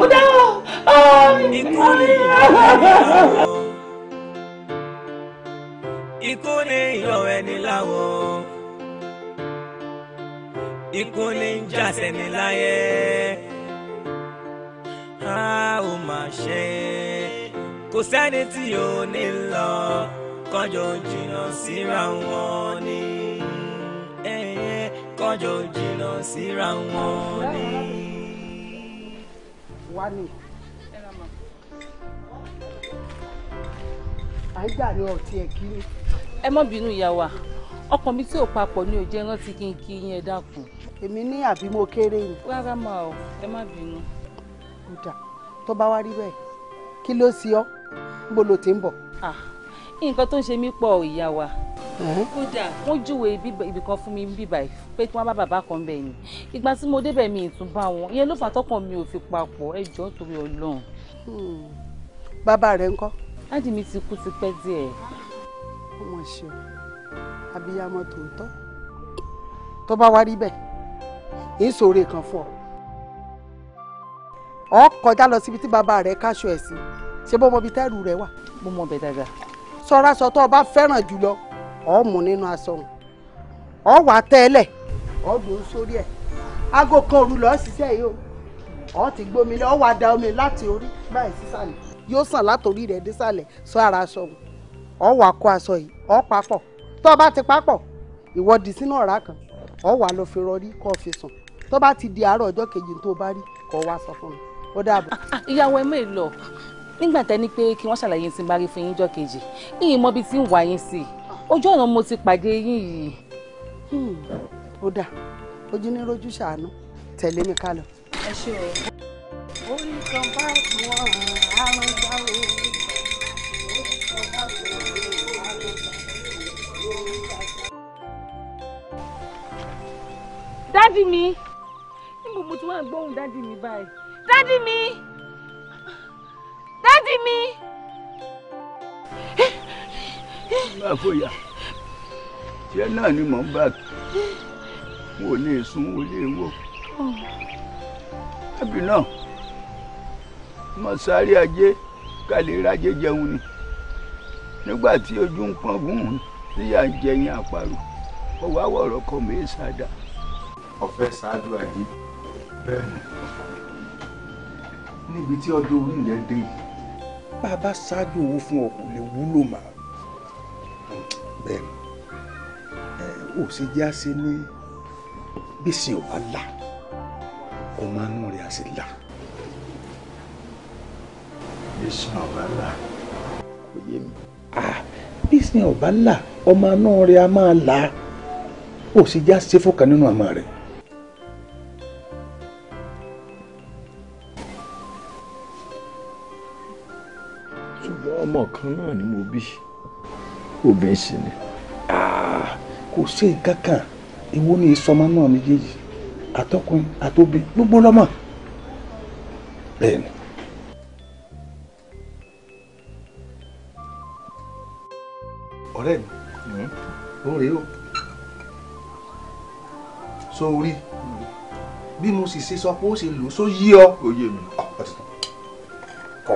ó dáhùn ikú ni ikú ni ìyọ̀ ẹni láwọ̀ ikú ni ń Ha ní láyé a ó máa ṣe kò sẹ́ni tí ò ní lọ kọjọ jìnnà síra wọn ni eh, eh, kọjọ jìnnà síra wọn ni. wani àìjà ní ọtí ẹ kí ẹ mi tí ò papọ̀ ni ò jẹ rántí kí n kí yín ẹ dákun. èmi ní àbí mo ni. rárá ma ọ ẹ má bínú. bá wá rí kí ló si ọ́ bọ̀. Ah, nǹkan tó ń ṣe mí pọ̀ ìyá wa kódà wọ́n júwe ibì kan fún mi bíbà pé kí wọ́n bá bàbá kan bẹ̀ ni ìgbà tí mo débẹ̀ mi ìtún bá wọn ìyẹn ló fà tọkàn mi ò fi papọ̀ ẹ jọ̀ọ́ torí Ọlọ́run. Hmm. bàbá rẹ ńkọ́. láti mi ti kú ti pẹ́ díẹ̀. ó mọ̀ ṣe o abiyamọ tòótọ́ tó bá wá rí bẹ́ẹ̀ ìṣòro kan fún ọ ọ kọjá lọ síbi tí bàbá rẹ káṣọ ẹ̀ sí ṣé bó mọ ibi tẹ́rù rẹ wà. mo mọ bẹ́ẹ̀ dáadáa. sọ́ra sọ tó o bá fẹ́ràn jùlọ ọmú nínú aṣọ òun ọwà tẹ́lẹ̀ ọdún sórí ẹ̀ aago kan òru lọ́ọ́ ṣiṣẹ́ yìí o ọ ti gbómi lé ọwà da omi láti orí báyìí sísàlẹ̀ yóò sàn látòrí rẹ̀ dísàlẹ̀ sọ ara aṣọ òun ọwà kó aṣọ yìí ọ papọ tó o bá ti papọ ìwọ di sínú ọ̀rá kan ọwà lọ fi rọrí kó fi sùn tó bá ti di àárọ̀ ọjọ́ kejì tó o bá rí kó wá sọ fún mi ó dàbọ̀. Ah, ah, ìyàwó ẹ mẹ́rin lọ nígbà tẹ́ ní pé kí wọ́n ṣàlàyé tí n bá rí fún yín jọ́ kejì yìnyín mọ́ bíi tí ń wá yín sí i ojú ọ̀nà mo ti pàdé yín yìí. Hmm, ó dà ojú ní rojú ṣàánú tẹ̀lé mi ká lọ. ẹ ṣe o. orí kan bá wọn àrùn gbà wò. dádì mi níbo mo ti wá gbóhùn dádì mi báyìí dádì mi dádì mi máa fòyà tiẹ̀ náà ni mò ń bá n ò lè sun ò lè wò ẹbí náà mo sáré ajé ká lè rájé jẹun ni nígbà tí ojú ń pọn gùn níyà ń jẹyìn àparò ọwọ́ àwọ̀rọ̀ kan mi ṣáda. ọ̀fẹ́ ṣáájú ajé bẹ́ẹ̀ níbi tí ọjọ́ orí rẹ̀ dé yìí. bàbá ṣáájú owó fún ọ wúlò màá bẹ́ẹ̀ ẹ ò ṣe já sí ní gbèsè ò bá là kó máa nù rẹ̀ àṣẹ là. gbèsè ò bá là kò yé mi. gbèsè ò bá là ọmọ nù rẹ̀ a máa là ò ṣe já sí fọkàn nínú àmọ́ rẹ̀. ṣùgbọ́n ọmọ kan náà ni mo bí obìnrin sì ni. Ah, kò sí nǹkan kan ìwọ ni ìsọmọ náà méjèèjì àtọkùnrin àtòbí gbogbo lọmọ bẹ́ẹ̀ ni. ọ̀rẹ́ mi hmm? ó rèé o so orí bí mo sì ṣe sọ pé ó ṣe lò ó só yí ọ òye mi kọ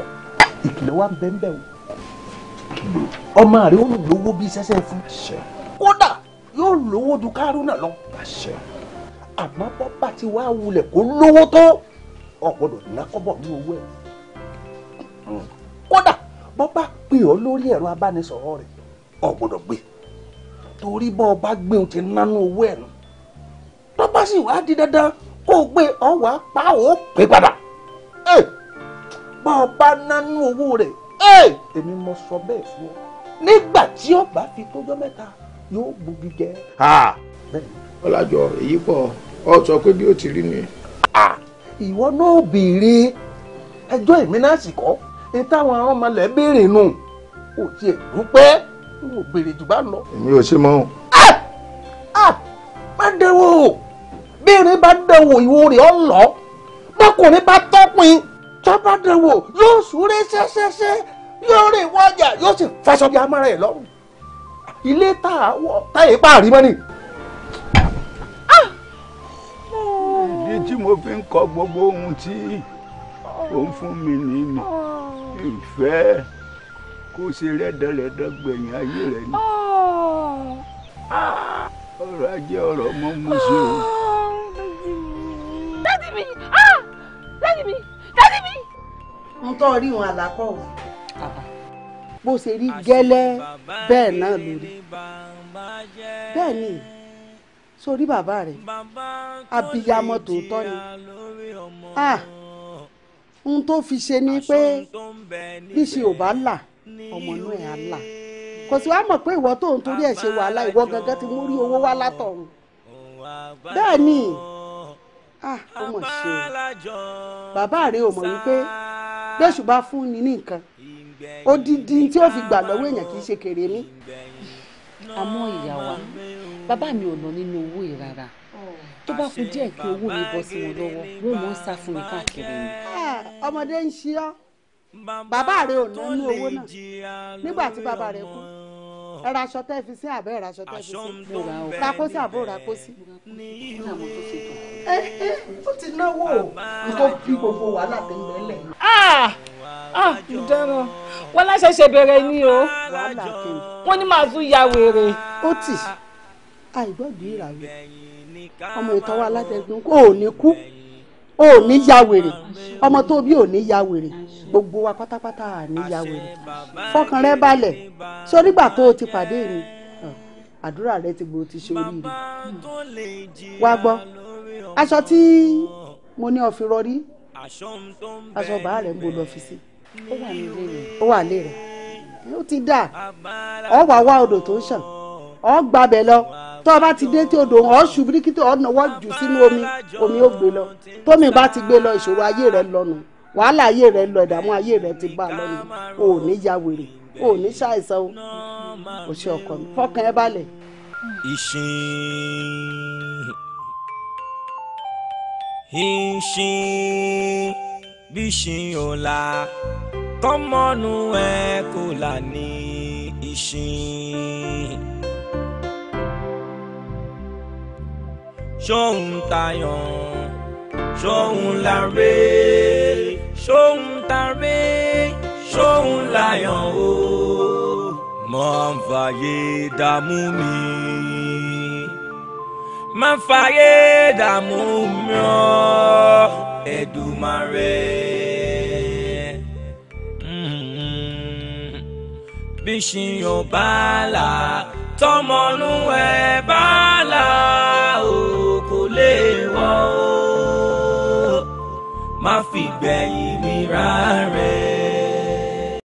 ìkìlọ̀ wa bẹ́ẹ̀ bẹ́ẹ̀ o ọmọ rẹ ó lówó bí sẹsẹ fún kódà yóò lówó ju kárúnà lọ àmọ́ bọba ti wá wulẹ̀ kó lówó tó ọgbọ́dọ̀ nàkọbọ ní owó ẹ hmm. kódà bọba pè ọ lórí ẹ̀rọ abánisọ̀rọ̀ rẹ ọgbọ́dọ̀ gbé torí bọba gbé o ti nánú owó ẹ nù bọba sì wá di dandan kó o gbé ọwọ́ apá ò pé padà bọba nánú owó rẹ èmi mo sọ bẹ́ẹ̀ fún ọ nígbà tí ó bá fi tójọ́ mẹ́ta yóò gbogi jẹ. ọlájọ èyí pọ ọ sọ pé bí ó ti rí ni. ìwọ náà béèrè ẹjọ́ èmi náà sì kọ́ ní táwọn àwọn ọmọ ilẹ̀ béèrè nù kò tiẹ̀ dúpẹ́ n ò béèrè jù bá lọ. èmi ò ṣe mọ́. má dẹ̀wò béèrè bá dẹ̀wò ìwọ rẹ̀ ọ̀ lọ́ bọ́kùnrin bá tọ́pin tó bá dẹ̀wò yóò súré ṣẹ́ṣẹ́ṣẹ́ yóò rè wọ ọjà yóò sì fọṣọ bí amára ẹ̀ lọ́rùn ilé tá a wọ táyé páàrí mọ́ ni. Ah! ìdí tí mo fi ń kọ gbogbo ohun tí ó ń fún mi nínú ìfẹ́ kó ṣe rẹ́dẹ̀rẹ́dẹ́ gbẹ̀yìn ayé rẹ̀ ni ah! ọ̀rọ̀ ajé ọ̀rọ̀ mọ́ musu. dádì mi ah! dádì mi dádì mi. ń tọ́ rí wọn àlàkọ́ wọn bó ṣe rí gẹ́lẹ́ bẹ́ẹ̀ náà ló rí bẹ́ẹ̀ ni sórí bàbá rẹ̀ abiyamọ tòótọ́ ni ohun tó fi ṣe ni pé níṣe ò bá là ọmọ inú ẹ̀ á là kò sí wàá mọ̀ pé ìwọ tó ń torí ẹ̀ ṣe wàhálà ìwọ gangan ti mú rí owó wá látọ̀run bẹ́ẹ̀ ni ah ó mọ̀ ṣe bàbá rẹ̀ ò mọ̀ wípé bẹ́ẹ̀ ṣùgbọ́n fún ni ní nǹkan odidi tí ó fi gbà lọ́wọ́ èèyàn kì í ṣe kéré mi. àmọ́ ìyá wa bàbá mi ò ná nínú owó yìí rárá tó bá kú díẹ̀ kí owó mi bọ́ sí wọn lọ́wọ́ wọ́n mọ̀ ń sá fún mi káàkiri ni. Ah, ọmọdé ń ṣí ọ bàbá rẹ ò ná ní owó náà nígbà tí bàbá rẹ kú ẹ aṣọ tẹ́ fi sí àbẹ́ ẹ ra aṣọ tẹ́ fi sí ra kó sí àbó ra kó sí. Eh, eh, ó ti náwó nǹkan fi gbogbo wàhálà tẹ̀lé lẹ̀. Ah, ah ìdáràn wọn láṣẹṣẹ bẹ̀rẹ̀ ni o wọn ní màá tún ya wèrè. ó tì àìgbọ́dọ̀ ìràwẹ̀ ọmọ ìtọ́ wa látẹ̀gbọ́n kò ní kú ò ní ya wèrè ọmọ tó bí ò ní ya wèrè gbogbo wa pátápátá à ní ya wèrè fọkàn rẹ balẹ̀ ṣé onígbà tó o ti pàdé mi àdúrà rẹ ti gbò ti ṣe oríire wá gbọ́ aṣọ tí mo ní ọ fi rọrí aṣọ bàá rẹ̀ ń bo lọ ó wà lé rẹ̀ ó ti dà ọ wà wá odò tó ń ṣàn ọ gbàbẹ̀ lọ tó o bá ti dé tí odò ọ ṣubú ní kíkọ́ ọ náwó jù sínú omi omi ó gbé lọ tómi bá ti gbé lọ ìṣòro ayé rẹ̀ lọ́nu wàhálà ayé rẹ̀ lọ ìdààmú ayé rẹ̀ ti bá a o ò ní ya wèrè o ò ní ṣàìsàn o ò ṣe ọkọ mi fọkàn ẹ balẹ̀. ìsìn ìṣìn bíṣìn ọ̀la kọ́mọ́nù ẹ̀ kò là ní ìṣìn. ṣóhun tayọ̀ ṣóhun láre ṣóhun tare ṣóhun láyọ̀ o mọ̀ n fàyè dààmú mi má fàyè dààmú mi edumare, bishin yo bala, bá là tọmọnú ẹ bá là ó kò fi gbẹ̀yìn mi rárẹ̀.